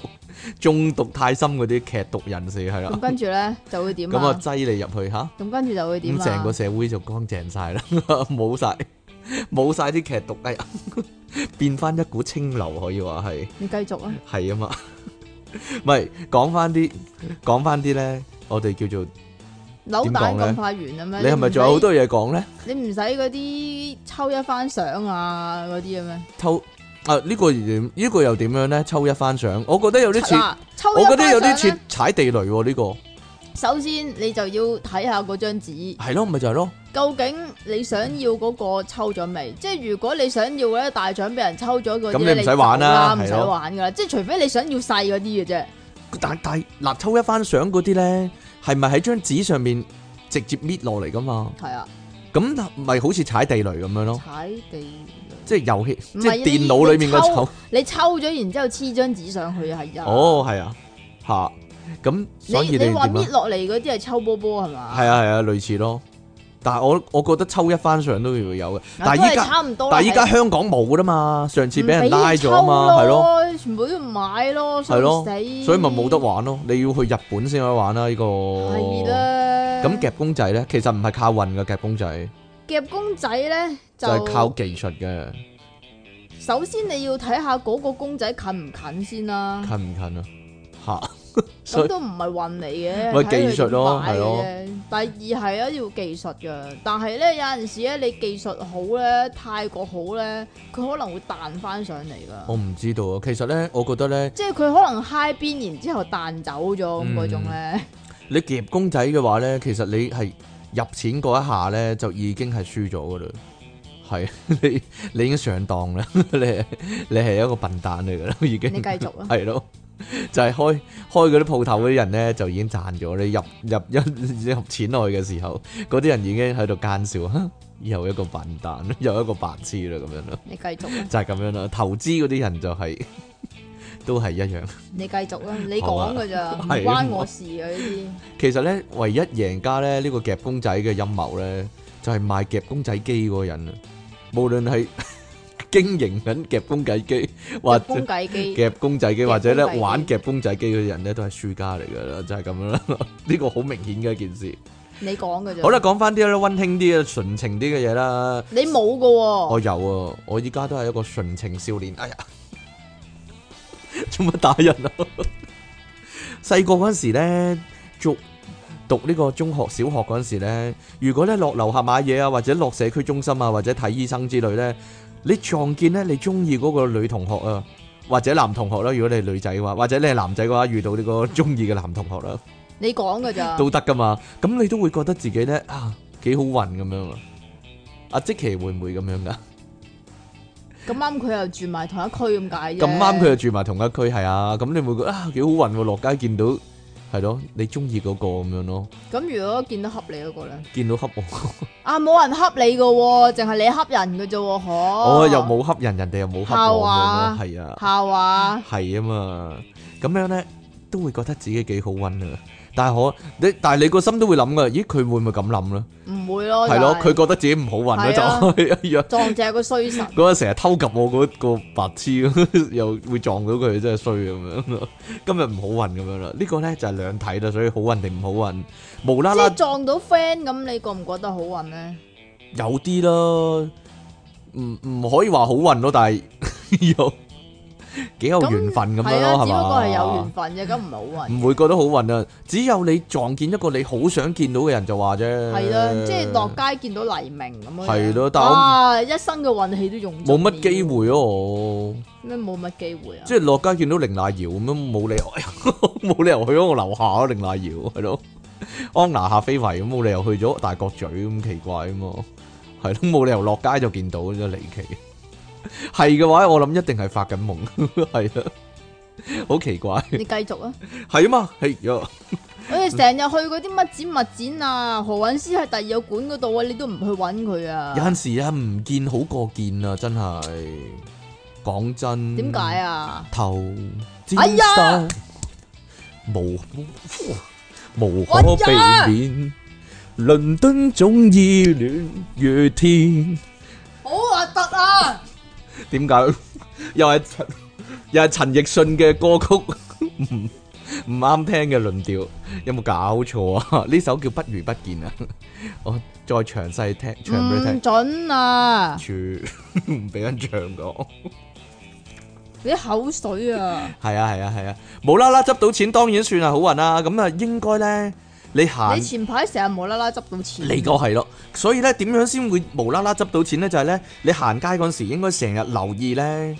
中毒太深嗰啲劇毒人士係啦，咁、啊、跟住咧就會點、啊？咁啊擠你入去吓，咁跟住就會點啊？咁成個社會就乾淨晒啦，冇晒。冇晒啲劇毒，哎，變翻一股清流可以話係。你繼續啊。係啊嘛，唔係講翻啲，講翻啲咧，我哋叫做扭蛋咁快完講咧？你係咪仲有好多嘢講咧？你唔使嗰啲抽一番相啊，嗰啲嘅咩？抽啊呢、呢個呢、呢個又點樣咧？抽一番相，我覺得有啲似，啊、抽我覺得有啲似、啊、踩地雷呢、啊呢個。首先你就要睇下嗰張紙。係咯，咪就係、是、咯。究竟你想要嗰個抽咗未？即係如果你想要咧大獎俾人抽咗嗰啲咧，咁你唔使玩啦，唔使玩噶啦！即係除非你想要細嗰啲嘅啫。但但嗱，抽一翻相嗰啲咧，係咪喺張紙上面直接搣落嚟噶嘛？係啊，咁咪好似踩地雷咁樣咯，踩地。即係遊戲，即係電腦裏面個抽。你抽咗然之後黐張紙上去啊，係啊？哦，係啊，吓咁。所以你話搣落嚟嗰啲係抽波波係嘛？係啊係啊，類似咯。但係我，我覺得抽一翻上都會有嘅。但係依家，差唔多但係依家香港冇啦嘛。上次俾人拉咗嘛，係咯。全部都唔買咯，係咯，死。所以咪冇得玩咯。你要去日本先可以玩啦。呢個係啦。咁夾公仔咧，其實唔係靠運嘅夾公仔。夾公仔咧就係靠技術嘅。首先你要睇下嗰個公仔近唔近先啦。近唔近啊？吓！咁 <laughs> 都唔係運嚟嘅，係、哎、技術咯、啊，係咯。第二係啊，要技術嘅。但係咧，有陣時咧，你技術好咧，泰國好咧，佢可能會彈翻上嚟噶。我唔知道啊。其實咧，我覺得咧，即係佢可能嗨邊，然之後彈走咗咁嗰種咧、嗯。你夾公仔嘅話咧，其實你係入錢嗰一下咧，就已經係輸咗噶啦。係你你已經上當啦， <laughs> 你你係一個笨蛋嚟噶啦，已經。你繼續啊。係咯。就係開開嗰啲鋪頭嗰啲人咧，就已經賺咗你入入入入錢落去嘅時候，嗰啲人已經喺度奸笑，以又一個笨蛋，又一個白痴啦，咁樣啦。你繼續，就係咁樣啦。投資嗰啲人就係、是、都係一樣。你繼續啦，你講噶咋，唔關我的事啊呢啲。其實咧，唯一贏家咧，呢個夾公仔嘅陰謀咧，就係賣夾公仔機嗰個人，無論係。經營緊夾公仔機，或者夾公仔機，夾公仔機或者咧玩夾公仔機嘅人咧，都係輸家嚟噶啦，就係、是、咁樣啦。呢個好明顯嘅一件事。你講嘅啫。好啦，講翻啲咧溫馨啲嘅純情啲嘅嘢啦。你冇噶、哦。我有啊，我依家都係一個純情少年。哎呀，做 <laughs> 乜打人啊？細個嗰陣時咧，讀讀呢個中學、小學嗰陣時咧，如果咧落樓下買嘢啊，或者落社區中心啊，或者睇醫生之類咧。你撞見咧，你中意嗰個女同學啊，或者男同學啦。如果你係女仔嘅話，或者你係男仔嘅話，遇到呢個中意嘅男同學啦，你講噶咋都得噶嘛。咁你都會覺得自己咧啊，幾好運咁樣啊。阿積淇會唔會咁樣噶？咁啱佢又住埋同一區咁解？咁啱佢又住埋同一區係啊。咁你會覺得啊幾好運喎，落街見到。係咯，你中意嗰個咁樣咯。咁如果見到恰你嗰個咧，見到恰我 <laughs> 啊，冇人恰你噶，淨係你恰人噶啫，吓。我又冇恰人，人哋又冇恰我，係啊，下話。係啊嘛，咁樣咧都會覺得自己幾好運啊。但係我，你但係你個心都會諗噶，咦佢會唔會咁諗咧？唔會咯，係咯，佢覺得自己唔好運啦，就撞正個衰神，嗰個成日偷襲我嗰個白痴，又會撞到佢，真係衰咁樣。今日唔好運咁樣啦，呢個咧就係兩睇啦，所以好運定唔好運，無啦啦撞到 friend，咁你覺唔覺得好運咧？有啲咯，唔唔可以話好運咯，但係又。幾有緣分咁樣係啊，只不過係有緣分啫，咁唔係好運，唔會覺得好運啊！只有你撞見一個你好想見到嘅人就話啫，係啦，即係落街見到黎明咁樣，係咯，但係我一生嘅運氣都用，冇乜機會咯，咩冇乜機會啊？即係落街見到凌娜瑤咁樣，冇理由，冇理由去咗我樓下啊，凌娜瑤係咯，安拿下飛牌咁，冇理由去咗大角咀咁奇怪啊嘛，係咯，冇理由落街就見到真係離奇。係嘅話，我諗一定係發緊夢，係 <laughs> 啊，好奇怪。你繼續啊。係啊嘛，係啊。我哋成日去嗰啲乜展物展啊，何韻詩喺第二個館嗰度啊，你都唔去搵佢啊。有陣時啊，唔見好過見啊，真係。講真。點解啊？頭尖心、哎、呀無無，無可避免，倫、哎、呀敦總依戀雨天。好核突啊！ <laughs> 點解又係又係陳奕迅嘅歌曲唔，唔啱聽嘅論調，有冇搞錯啊？呢首叫不如不見啊！我再詳細聽，唱俾你聽唔准啊！唔俾人唱㗎，你口水啊！係啊係啊係啊！冇啦啦執到錢，當然算係好運啊！咁啊應該咧。你行，你前排成日無啦啦執到錢，你個係咯，所以咧點樣先會無啦啦執到錢咧？就係咧，你行街嗰陣時應該成日留意咧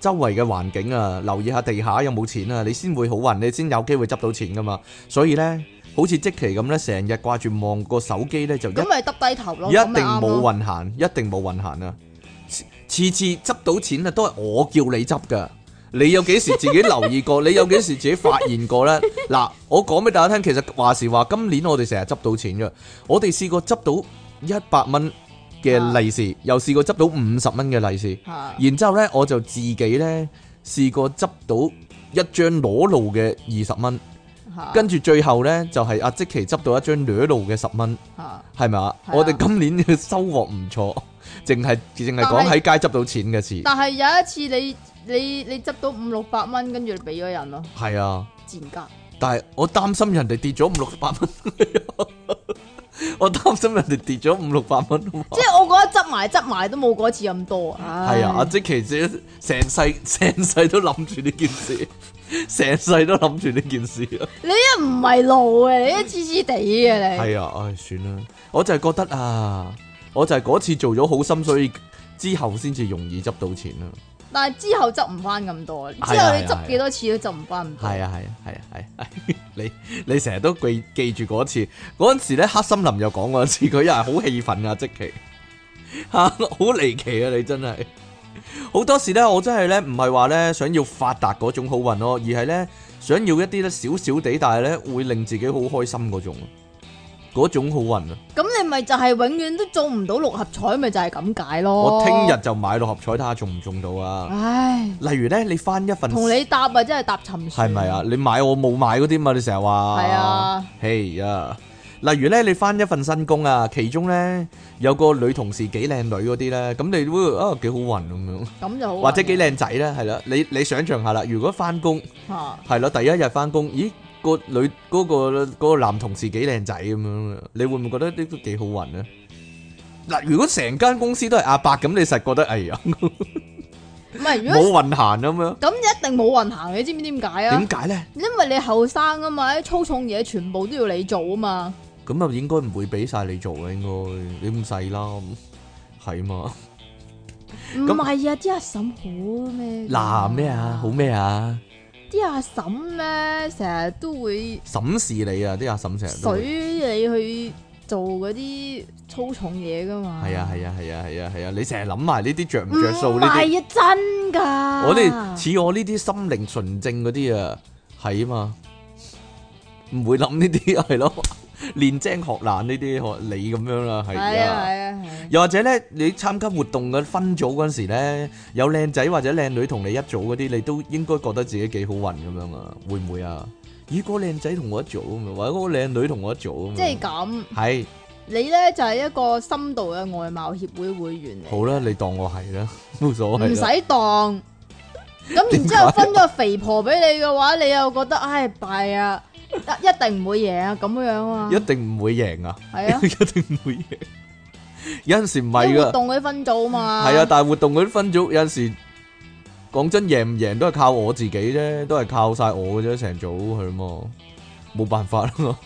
周圍嘅環境啊，留意下地下有冇錢啊，你先會好運，你先有機會執到錢噶嘛。所以咧，好似積淇咁咧，成日掛住望個手機咧，就因為耷低頭咯，一定冇運行，一定冇運行啊！次次執到錢啊，都係我叫你執噶。你有幾時自己留意過？ <laughs> 你有幾時自己發現過呢？嗱， <laughs> 我講俾大家聽，其實話時話，今年我哋成日執到錢嘅。我哋試過執到一百蚊嘅利是，啊、又試過執到五十蚊嘅利是。啊、然之後呢，我就自己呢試過執到一張裸露嘅二十蚊，啊、跟住最後呢，就係、是、阿積淇執到一張裸露嘅十蚊，係咪啊？吧啊我哋今年嘅收穫唔錯，淨係淨係講喺街執到錢嘅事。但係有一次你。你你執到五六百蚊，跟住你俾咗人咯。係啊，賤格。但係我擔心人哋跌咗五六百蚊， <laughs> 我擔心人哋跌咗五六百蚊。 <laughs> 即係我覺得執埋執埋都冇嗰次咁多啊。係啊唉，阿即其實成世成世，成世都諗住呢件事，成 <laughs> 世都諗住呢件事啊。你一唔係路啊，你一痴痴哋啊。你係啊。唉，算啦，我就係覺得啊，我就係嗰次做咗好心，所以之後先至容易執到錢啊。但係之後執唔翻咁多噦，之後你執幾多次都執唔翻。係啊係啊係啊係、啊啊啊， <laughs> 你你成日都記記住嗰次，嗰陣時咧黑森林又講嗰次，佢又係好氣憤啊，即奇嚇 <laughs> <laughs> 好離奇啊！你真係好多時咧，我真係咧唔係話咧想要發達嗰種好運咯，而係咧想要一啲咧少少地，但係咧會令自己好開心嗰種。嗰種好運啊！咁你咪就係永遠都做唔到六合彩，咪就係咁解咯。我聽日就買六合彩，睇下中唔中到啊！唉，例如咧，你翻一份同你搭啊，真係搭沉船。係咪啊？你買我冇買嗰啲嘛？你成日話係啊。嘿呀，例如咧，你翻一份新工啊，其中咧有個女同事幾靚女嗰啲咧，咁你會啊幾好運咁樣。咁就好，或者幾靚仔咧，係啦。你你想象下啦，如果翻工，係啦，第一日翻工，咦？個女嗰個嗰個男同事幾靚仔咁樣，你會唔會覺得啲都幾好運啊？嗱，如果成間公司都係阿伯咁，你實覺得哎呀，唔係，如果冇運行啊嘛，咁一定冇運行，你知唔知點解啊？點解咧？因為你後生啊嘛，啲粗重嘢，全部都要你做啊嘛。咁又應該唔會俾晒你做啊？應該你咁細啦，係嘛？咁係呀，啲阿嬸好咩？男咩啊？好咩啊？啲阿嬸咧成日都會審視你啊！啲阿嬸成日水你去做嗰啲粗重嘢噶嘛？係啊係啊係啊係啊係啊！你成日諗埋呢啲着唔着數呢啲？係啊！真㗎！我哋似我呢啲心靈純正嗰啲啊，係啊嘛，唔會諗呢啲係咯。 <laughs> 練精學懶呢啲學你咁樣啦，係啊，又或者咧，你參加活動嘅分組嗰陣時咧，有靚仔或者靚女同你一組嗰啲，你都應該覺得自己幾好運咁樣啊？會唔會啊？如果靚仔同我一組啊嘛，或者個靚女同我一組啊嘛，即係咁，係你咧就係一個深度嘅外貌協會會員嚟。好啦，你當我係啦，冇所謂。唔使當，咁然之後分個肥婆俾你嘅話，你又覺得唉，弊啊！一一定唔會贏啊，咁樣啊，一定唔會贏啊，係啊，一定唔會贏。有陣時唔係噶，活動嗰啲分組啊嘛，係啊，但係活動嗰啲分組有陣時，講真，贏唔贏都係靠我自己啫，都係靠晒我嘅啫，成組係嘛，冇辦法咯。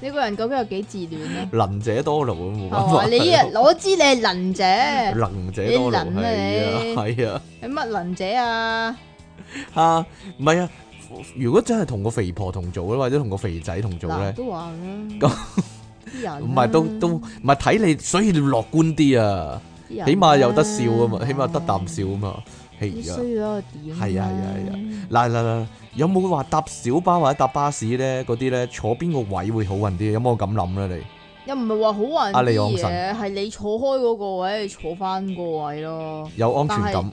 你個人究竟有幾自戀啊？能者多勞啊，冇辦法。你啊，我知你係能者，能者多勞，你啊，係啊，係啊。你乜能者啊？吓，唔係啊。如果真係同個肥婆同組，咧，或者同個肥仔同組咧，都話啦。咁唔係都都唔係睇你，所以你樂觀啲啊，起碼有得笑啊嘛，起碼得啖笑啊嘛。需要一個係啊係啊係啊。嗱嗱嗱，有冇話搭小巴或者搭巴士咧？嗰啲咧坐邊個位會好運啲？有冇咁諗咧？你又唔係話好運離岸神，係你坐開嗰個位，坐翻個位咯，有安全感。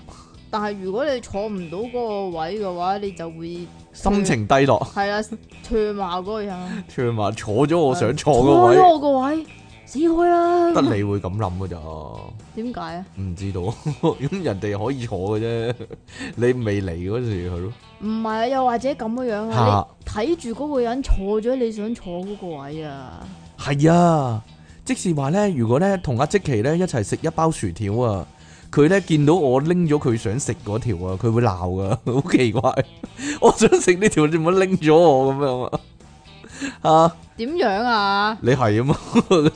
但係如果你坐唔到嗰個位嘅話，你就會心情低落對。係啊，脫馬嗰個人， <laughs> 脫馬坐咗我想坐個位，我個位 <laughs> 死開啦！得你會咁諗噶咋？點解啊？唔知道，咁 <laughs> 人哋可以坐嘅啫， <laughs> 你未嚟嗰時係咯。唔係啊，又或者咁嘅樣啊，你睇住嗰個人坐咗你想坐嗰個位啊？係啊，即是話咧，如果咧同阿積淇咧一齊食一包薯條啊！佢咧見到我拎咗佢想食嗰條啊，佢會鬧噶，好奇怪！我想食呢條，點解拎咗我咁樣啊？點樣啊？你係啊嘛？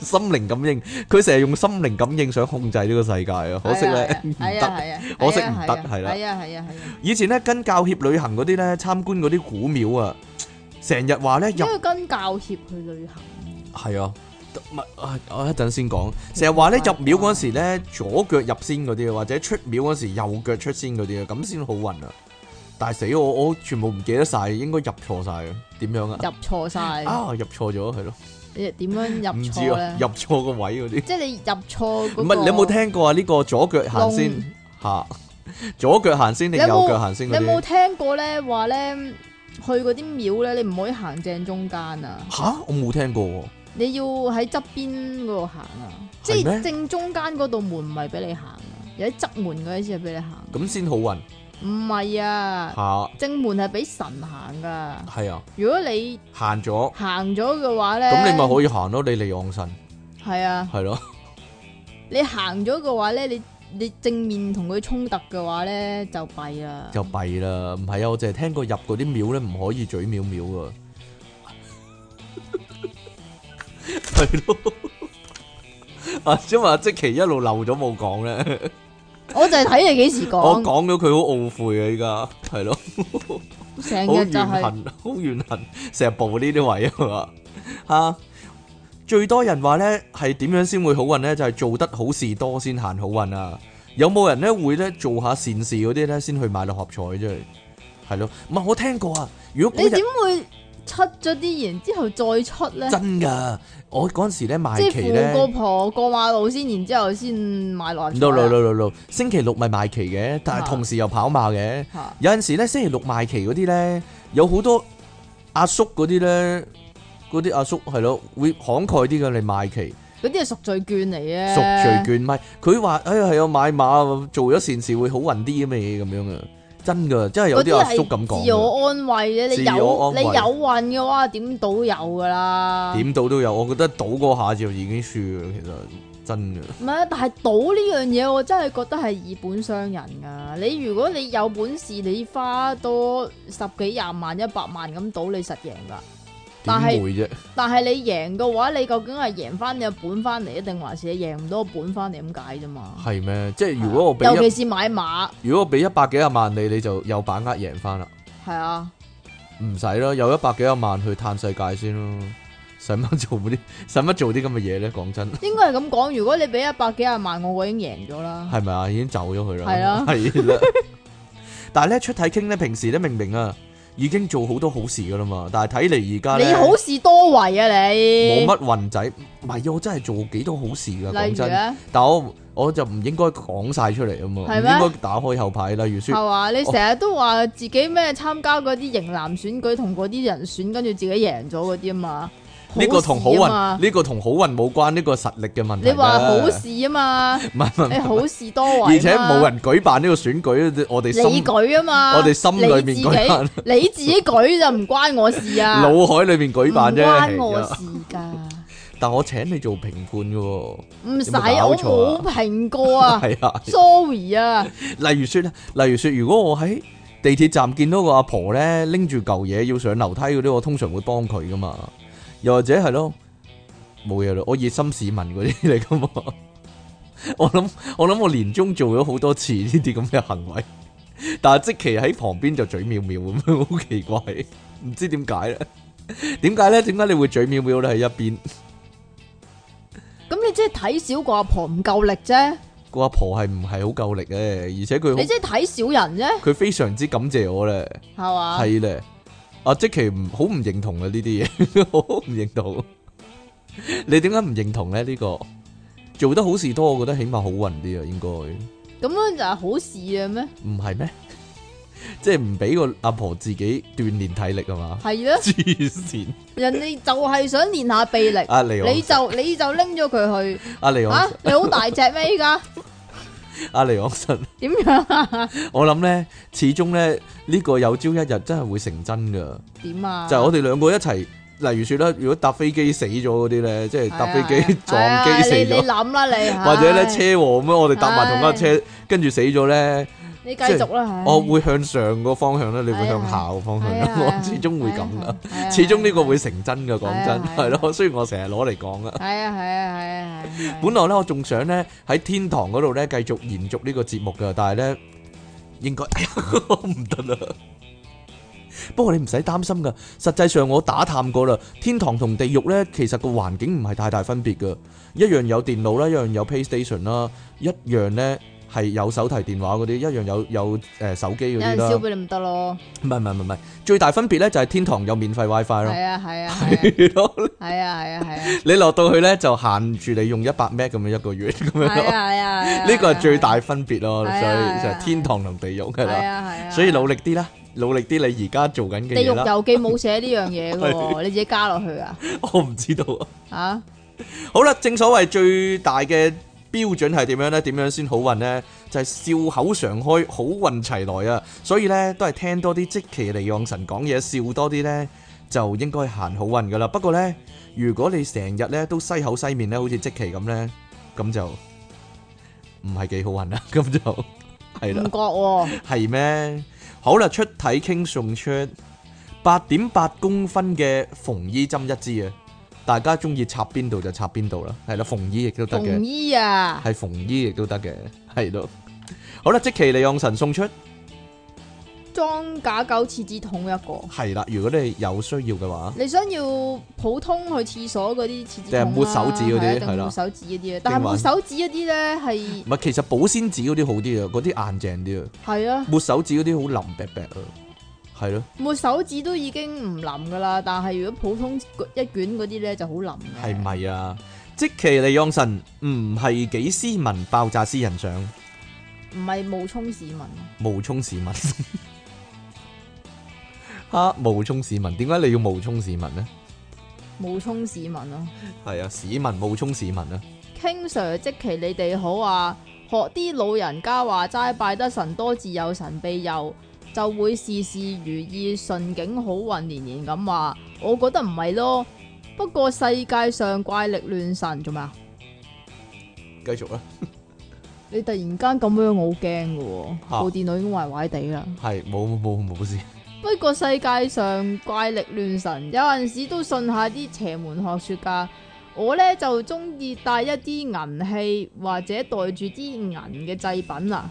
心靈感應，佢成日用心靈感應想控制呢個世界啊！可惜咧，係啊係啊，可惜唔得係啦。係啊係啊係啊！以前咧跟教協旅行嗰啲咧參觀嗰啲古廟啊，成日話咧因為跟教協去旅行係啊。唔係，我一陣先講。成日話咧入廟嗰時咧，左腳入先嗰啲，或者出廟嗰時右腳出先嗰啲啊，咁先好運啊！但係死我，我全部唔記得晒，應該入錯晒嘅，點樣啊？入錯晒啊！入錯咗係咯？你點樣入？唔知啊！入錯個位嗰啲。即係你入錯唔係你有冇聽過啊？呢、這個左腳行先吓，龍 <laughs> 左腳行先定右腳行先你有有？你有冇聽過咧？話咧去嗰啲廟咧，你唔可以行正中間啊！吓、啊，我冇聽過、啊。你要喺側邊嗰度行啊，嗎即係正中間嗰道門唔係俾你行啊，有喺側門嗰啲先係俾你行。咁先好運？唔係啊，正門係俾神行噶。係啊，如果你行咗了，行咗嘅話咧，咁你咪可以行咯，你嚟養神。係啊，係咯、啊 <laughs> ，你行咗嘅話咧，你你正面同佢衝突嘅話咧就弊啦，就弊啦。唔係啊，我淨係聽過入嗰啲廟咧唔可以嘴藐藐啊。係咯， <laughs> 啊，因為即其一路漏咗冇講咧，我就係睇你幾時講，我講咗佢好懊悔、 <laughs> 就是、 <laughs> 啊依家，係咯，成日就係好怨恨，成日補呢啲位啊嘛，吓，最多人話咧係點樣先會好運咧，就係、是、做得好事多先行好運啊，有冇人咧會咧做下善事嗰啲咧先去買六合彩啫？係 <laughs> 咯、啊，唔係我聽過啊，如果你點會？出咗啲然之後再出咧，真㗎！我嗰時咧賣旗咧，過婆，婆過馬路先，然之後先買來。No, no, no, no, no, no. 星期六咪賣旗嘅，但係同時又跑馬嘅。啊、有陣時咧，星期六賣旗嗰啲咧，有好多阿叔嗰啲咧，嗰啲阿叔係咯，會慷慨啲嘅嚟賣旗。嗰啲係贖罪券嚟嘅，贖罪券唔係，佢話哎呀係啊，有買馬做咗善事會好運啲咁嘢咁樣啊。真噶，真係有啲阿叔咁講。自我安慰啫，你有你有運嘅話，點賭都有噶啦。點賭都有，我覺得賭嗰下就已經輸嘅，其實真㗎。唔係，但係賭呢樣嘢，我真係覺得係以本傷人㗎。你如果你有本事，你花多十幾廿萬、一百萬咁賭，你實贏㗎。但係，但係你贏嘅話，你究竟係贏翻你嘅本翻嚟，定還是你贏唔到個本翻嚟？咁解啫嘛？係咩？即係如果我俾尤其是買馬，如果我俾一百幾廿萬你，你就有把握贏翻啦。係啊，唔使啦，有一百幾廿萬去探世界先咯。使乜做啲使乜做啲咁嘅嘢咧？講真，應該係咁講。如果你俾一百幾廿萬，我已經贏咗啦。係咪啊？已經走咗佢啦。係啊，係啦。但係咧出體傾咧，平時咧明明，明，明明啊。已經做好多好事噶啦嘛，但係睇嚟而家你好事多為啊你運，冇乜運仔，唔係我真係做幾多好事噶，講真，但我我就唔應該講晒出嚟啊嘛，嗎應該打開後排啦，如說係嘛，你成日都話自己咩參加嗰啲型男選舉同嗰啲人選，跟住自己贏咗嗰啲啊嘛。呢個同好運，呢個同好運冇關，呢個實力嘅問題。你話好事啊嘛，唔係唔係，你好事多壞。而且冇人舉辦呢個選舉，我哋你舉啊嘛，我哋心裏面舉。你自己舉就唔關我事啊，腦海裏面舉辦啫。唔關我事㗎。但係我請你做評判嘅喎，唔使啊，我好評過啊，係啊，sorry 啊。例如説，例如説，如果我喺地鐵站見到個阿婆咧拎住嚿嘢要上樓梯嗰啲，我通常會幫佢㗎嘛。又或者係咯，冇嘢咯，我熱心市民嗰啲嚟噶嘛？ <laughs> 我諗我諗我年中做咗好多次呢啲咁嘅行為， <laughs> 但係即期喺旁邊就嘴妙妙咁，好奇怪，唔 <laughs> 知點解咧？點解咧？點解你會嘴妙妙咧喺一邊？咁你即係睇小個阿婆唔夠力啫？個阿婆係唔係好夠力嘅？而且佢你即係睇小人啫？佢非常之感謝我咧，係啊吧。係咧。阿積淇唔好唔認同啊呢啲嘢，好唔認同。你點解唔認同咧？呢個做得好事多，我覺得起碼好運啲啊，應該。咁樣就係好事啊咩？唔係咩？即係唔俾個阿婆自己鍛煉體力啊嘛？係啦。黐線！人哋就係想練下臂力。阿你，你就你就拎咗佢去。阿你，啊，你好大隻咩？依家？阿離岸神，點 <laughs> 樣啊？我諗咧，始終咧呢、呢個有朝一日真係會成真噶。點啊？就係我哋兩個一齊，例如說咧，如果搭飛機死咗嗰啲咧，哎、呀即係搭飛機、哎、呀撞機死咗、哎。你諗啦，你或者咧車禍咁樣，哎、呀我哋搭埋同一車，跟住、哎、呀死咗咧。你繼續啦，係我會向上個方向咧，你會向下個方向咧，我始終會咁噶，始終呢個會成真噶，講真係咯。雖然我成日攞嚟講啊，係啊係啊係啊係啊！本來咧，我仲想咧喺天堂嗰度咧繼續延續呢個節目噶，但係咧應該哎呀唔得啦。不過你唔使擔心噶，實際上我打探過啦，天堂同地獄咧其實個環境唔係太大分別噶，一樣有電腦啦，一樣有 PlayStation 啦，一樣咧。係有手提電話嗰啲，一樣有有誒手機嗰啲咯。少俾你咪得咯。唔係唔係唔係，最大分別咧就係天堂有免費 WiFi 咯。係啊係啊。係咯。係啊係啊係啊。你落到去咧就限住你用一百 Mbps 咁樣一個月咁樣咯。係啊係啊。呢個係最大分別咯，所以就係天堂同地獄噶啦。係啊係啊。所以努力啲啦，努力啲你而家做緊嘅。地獄遊記冇寫呢樣嘢嘅喎，你自己加落去啊。我唔知道啊。嚇！好啦，正所謂最大嘅。標準係點樣咧？點樣先好運咧？就係笑口常開，好運齊來啊！所以咧，都係聽多啲積淇離岸神講嘢，笑多啲咧，就應該行好運噶啦。不過咧，如果你成日咧都西口西面咧，好似積淇咁咧，咁就唔係幾好運啦。咁就係啦。唔覺喎。係咩？好啦，出體 king 送出八點八公分嘅縫衣針一支啊！大家中意插邊度就插邊度啦，係啦，縫衣亦都得嘅，縫衣啊，係縫衣亦都得嘅，係咯。好啦，積淇離岸神送出裝假狗廁紙筒一個，係啦。如果你有需要嘅話，你想要普通去廁所嗰啲廁紙筒啊，定抹手指嗰啲，係咯，抹手指嗰啲的但係抹手指嗰啲咧係，唔係其實保鮮紙嗰啲好啲啊，嗰啲硬淨啲啊。係啊的，抹手指嗰啲好腍啤啤啊。係咯，抹手指都已經唔腍噶啦，但係如果普通一卷嗰啲咧就好腍。係咪啊？即其你用神唔係、嗯、幾斯文，爆炸斯人相，唔係冒充市民，冒充市民 <laughs> 、啊。冒充市民，吓冒充市民，點解你要冒充市民呢？冒充市民咯、啊，係啊，市民冒充市民啦、啊。King Sir，即其你哋好啊，學啲老人家話齋，拜得神多，自有神庇佑。就會事事如意、順景好運連連咁話，我覺得唔係咯。不過世界上怪力亂神做咩啊？繼繼續啦 <laughs> ！你突然間咁樣，我好驚噶、哦，啊、部電腦已經壞壞地啦。係冇冇冇冇事。 <laughs> 不過世界上怪力亂神，有陣時都信一下啲邪門學說噶。我呢就中意帶一啲銀器，或者袋住啲銀嘅製品啦、啊。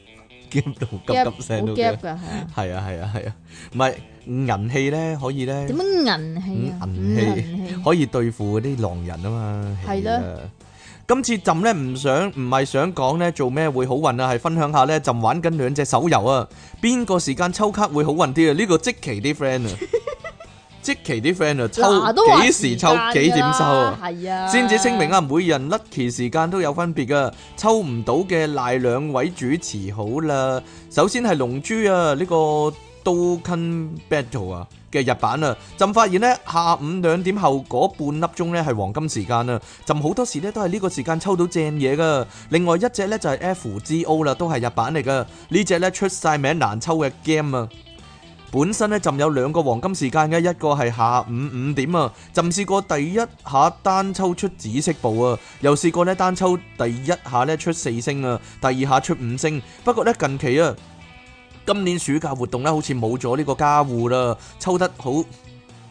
夾到急急聲都夾噶係啊係啊係啊係啊，唔係銀器咧可以咧點樣？銀器啊銀器可以對付嗰啲狼人啊嘛，係咯，今次朕咧唔想唔係想講咧做咩會好運啊，係分享下咧朕玩緊兩隻手遊啊，邊個時間抽卡會好運啲啊？呢個即期啲 friend 啊。即期啲 friend 啊，抽時啊幾時抽幾點收啊？先至、啊、清明啊，每人 lucky 時間都有分別噶，啊，抽唔到嘅賴兩位主持好啦。首先係龍珠啊，呢、呢個 Dokkan Battle 啊嘅日版啊，朕發現呢下午兩點後嗰半粒鐘呢係黃金時間啊，朕好多時呢都係呢個時間抽到正嘢噶。另外一隻呢就係、係、FGO 啦，都係日版嚟噶，隻呢隻呢出晒名難抽嘅 game 啊！本身咧，就有兩個黃金時間嘅，一個係下午五點啊。朕試過第一下單抽出紫色部啊，又試過咧單抽第一下咧出四星啊，第二下出五星。不過咧近期啊，今年暑假活動咧好似冇咗呢個加護啦，抽得好。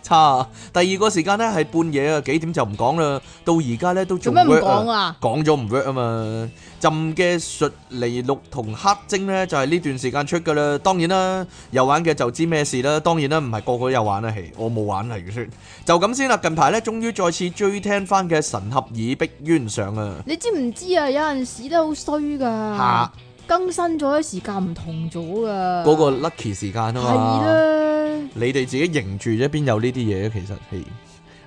差、啊、第二個時間咧係半夜啊，幾點就唔講啦。到而家咧都做咩唔講啊？講咗唔 work 啊嘛。朕嘅術離六同黑晶咧就係、是、呢段時間出噶啦。當然啦，有玩嘅就知咩事啦。當然啦，唔係個個都有玩啦。我冇玩嚟嘅就咁先啦。近排咧終於再次追聽翻嘅神合耳逼冤上知知啊！你知唔知啊？有陣時都好衰噶，更新咗時間唔同咗噶，嗰個 lucky 時間啊嘛。你哋自己型住啫，邊有呢啲嘢？其實係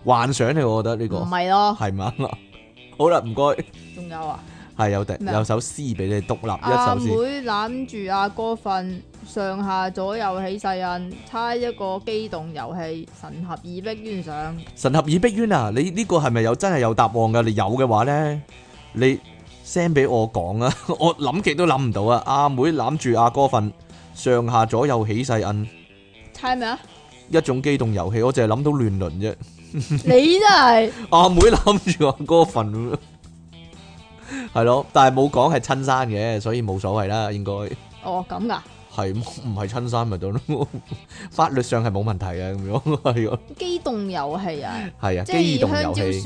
幻想嚟，我覺得呢個唔係咯，係嘛？好啦，唔該，仲有啊，係有第有首詩俾你獨立一首詩。阿妹攬住阿哥瞓，上下左右起細印，猜一個機動遊戲，神合耳壁冤上神合耳壁冤啊！你呢個係咪有真係有答案噶？你有嘅話咧，你 send 俾我講啊！我諗極都諗唔到啊！阿妹攬住阿哥瞓，上下左右起細印。係咪啊？一種機動遊戲，我淨係諗到亂倫啫。你真係阿妹諗住嗰份，係咯，但係冇講係親生嘅，所以冇所謂啦，應該。哦，咁噶？係唔係親生咪得咯？法律上係冇問題嘅咁樣，係咯。機動遊戲啊，係啊，即係香蕉船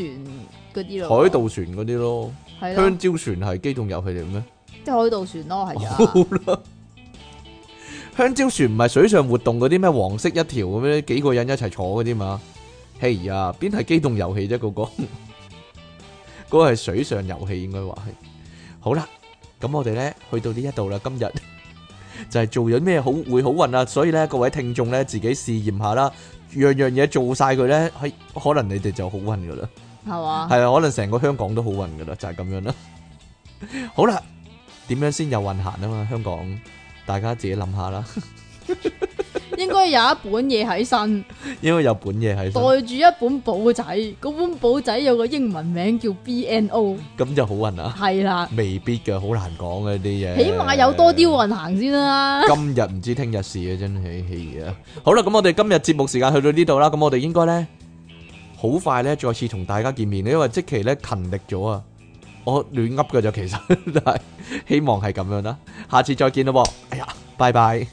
嗰啲咯，海盜船嗰啲咯，係香蕉船係機動遊戲嘅咩？即係海盜船咯，係啊。香蕉船唔係水上活動嗰啲咩，黃色一條咁咩？幾個人一齊坐嗰啲嘛？嘿啊，邊係機動遊戲啫？嗰個，嗰個係水上遊戲，應該話係。好啦，咁我哋咧去到呢一度啦，今日就係做咗咩好會好運啊！所以咧，各位聽眾咧，自己試驗下啦，樣樣嘢做晒佢咧，可能你哋就好運噶啦。係嘛？係啊，可能成個香港都好運噶啦，就係咁樣啦。好啦，點樣先有運行啊嘛？香港。大家自己諗下啦，應該有一本嘢喺身，應該有本嘢喺身，袋住一本簿仔，嗰本簿仔有個英文名叫 BNO，咁就好運啦，係啦，未必㗎，好難講嘅啲嘢，起碼有多啲運行先啦。今日唔知聽日事啊，真係氣啊！好啦，咁我哋今日節目時間去到呢度啦，咁我哋應該咧好快咧再次同大家見面，因為積淇咧勤力咗啊。我亂噏嘅啫，其實都係希望係咁樣啦，下次再見咯喎！哎呀，拜拜。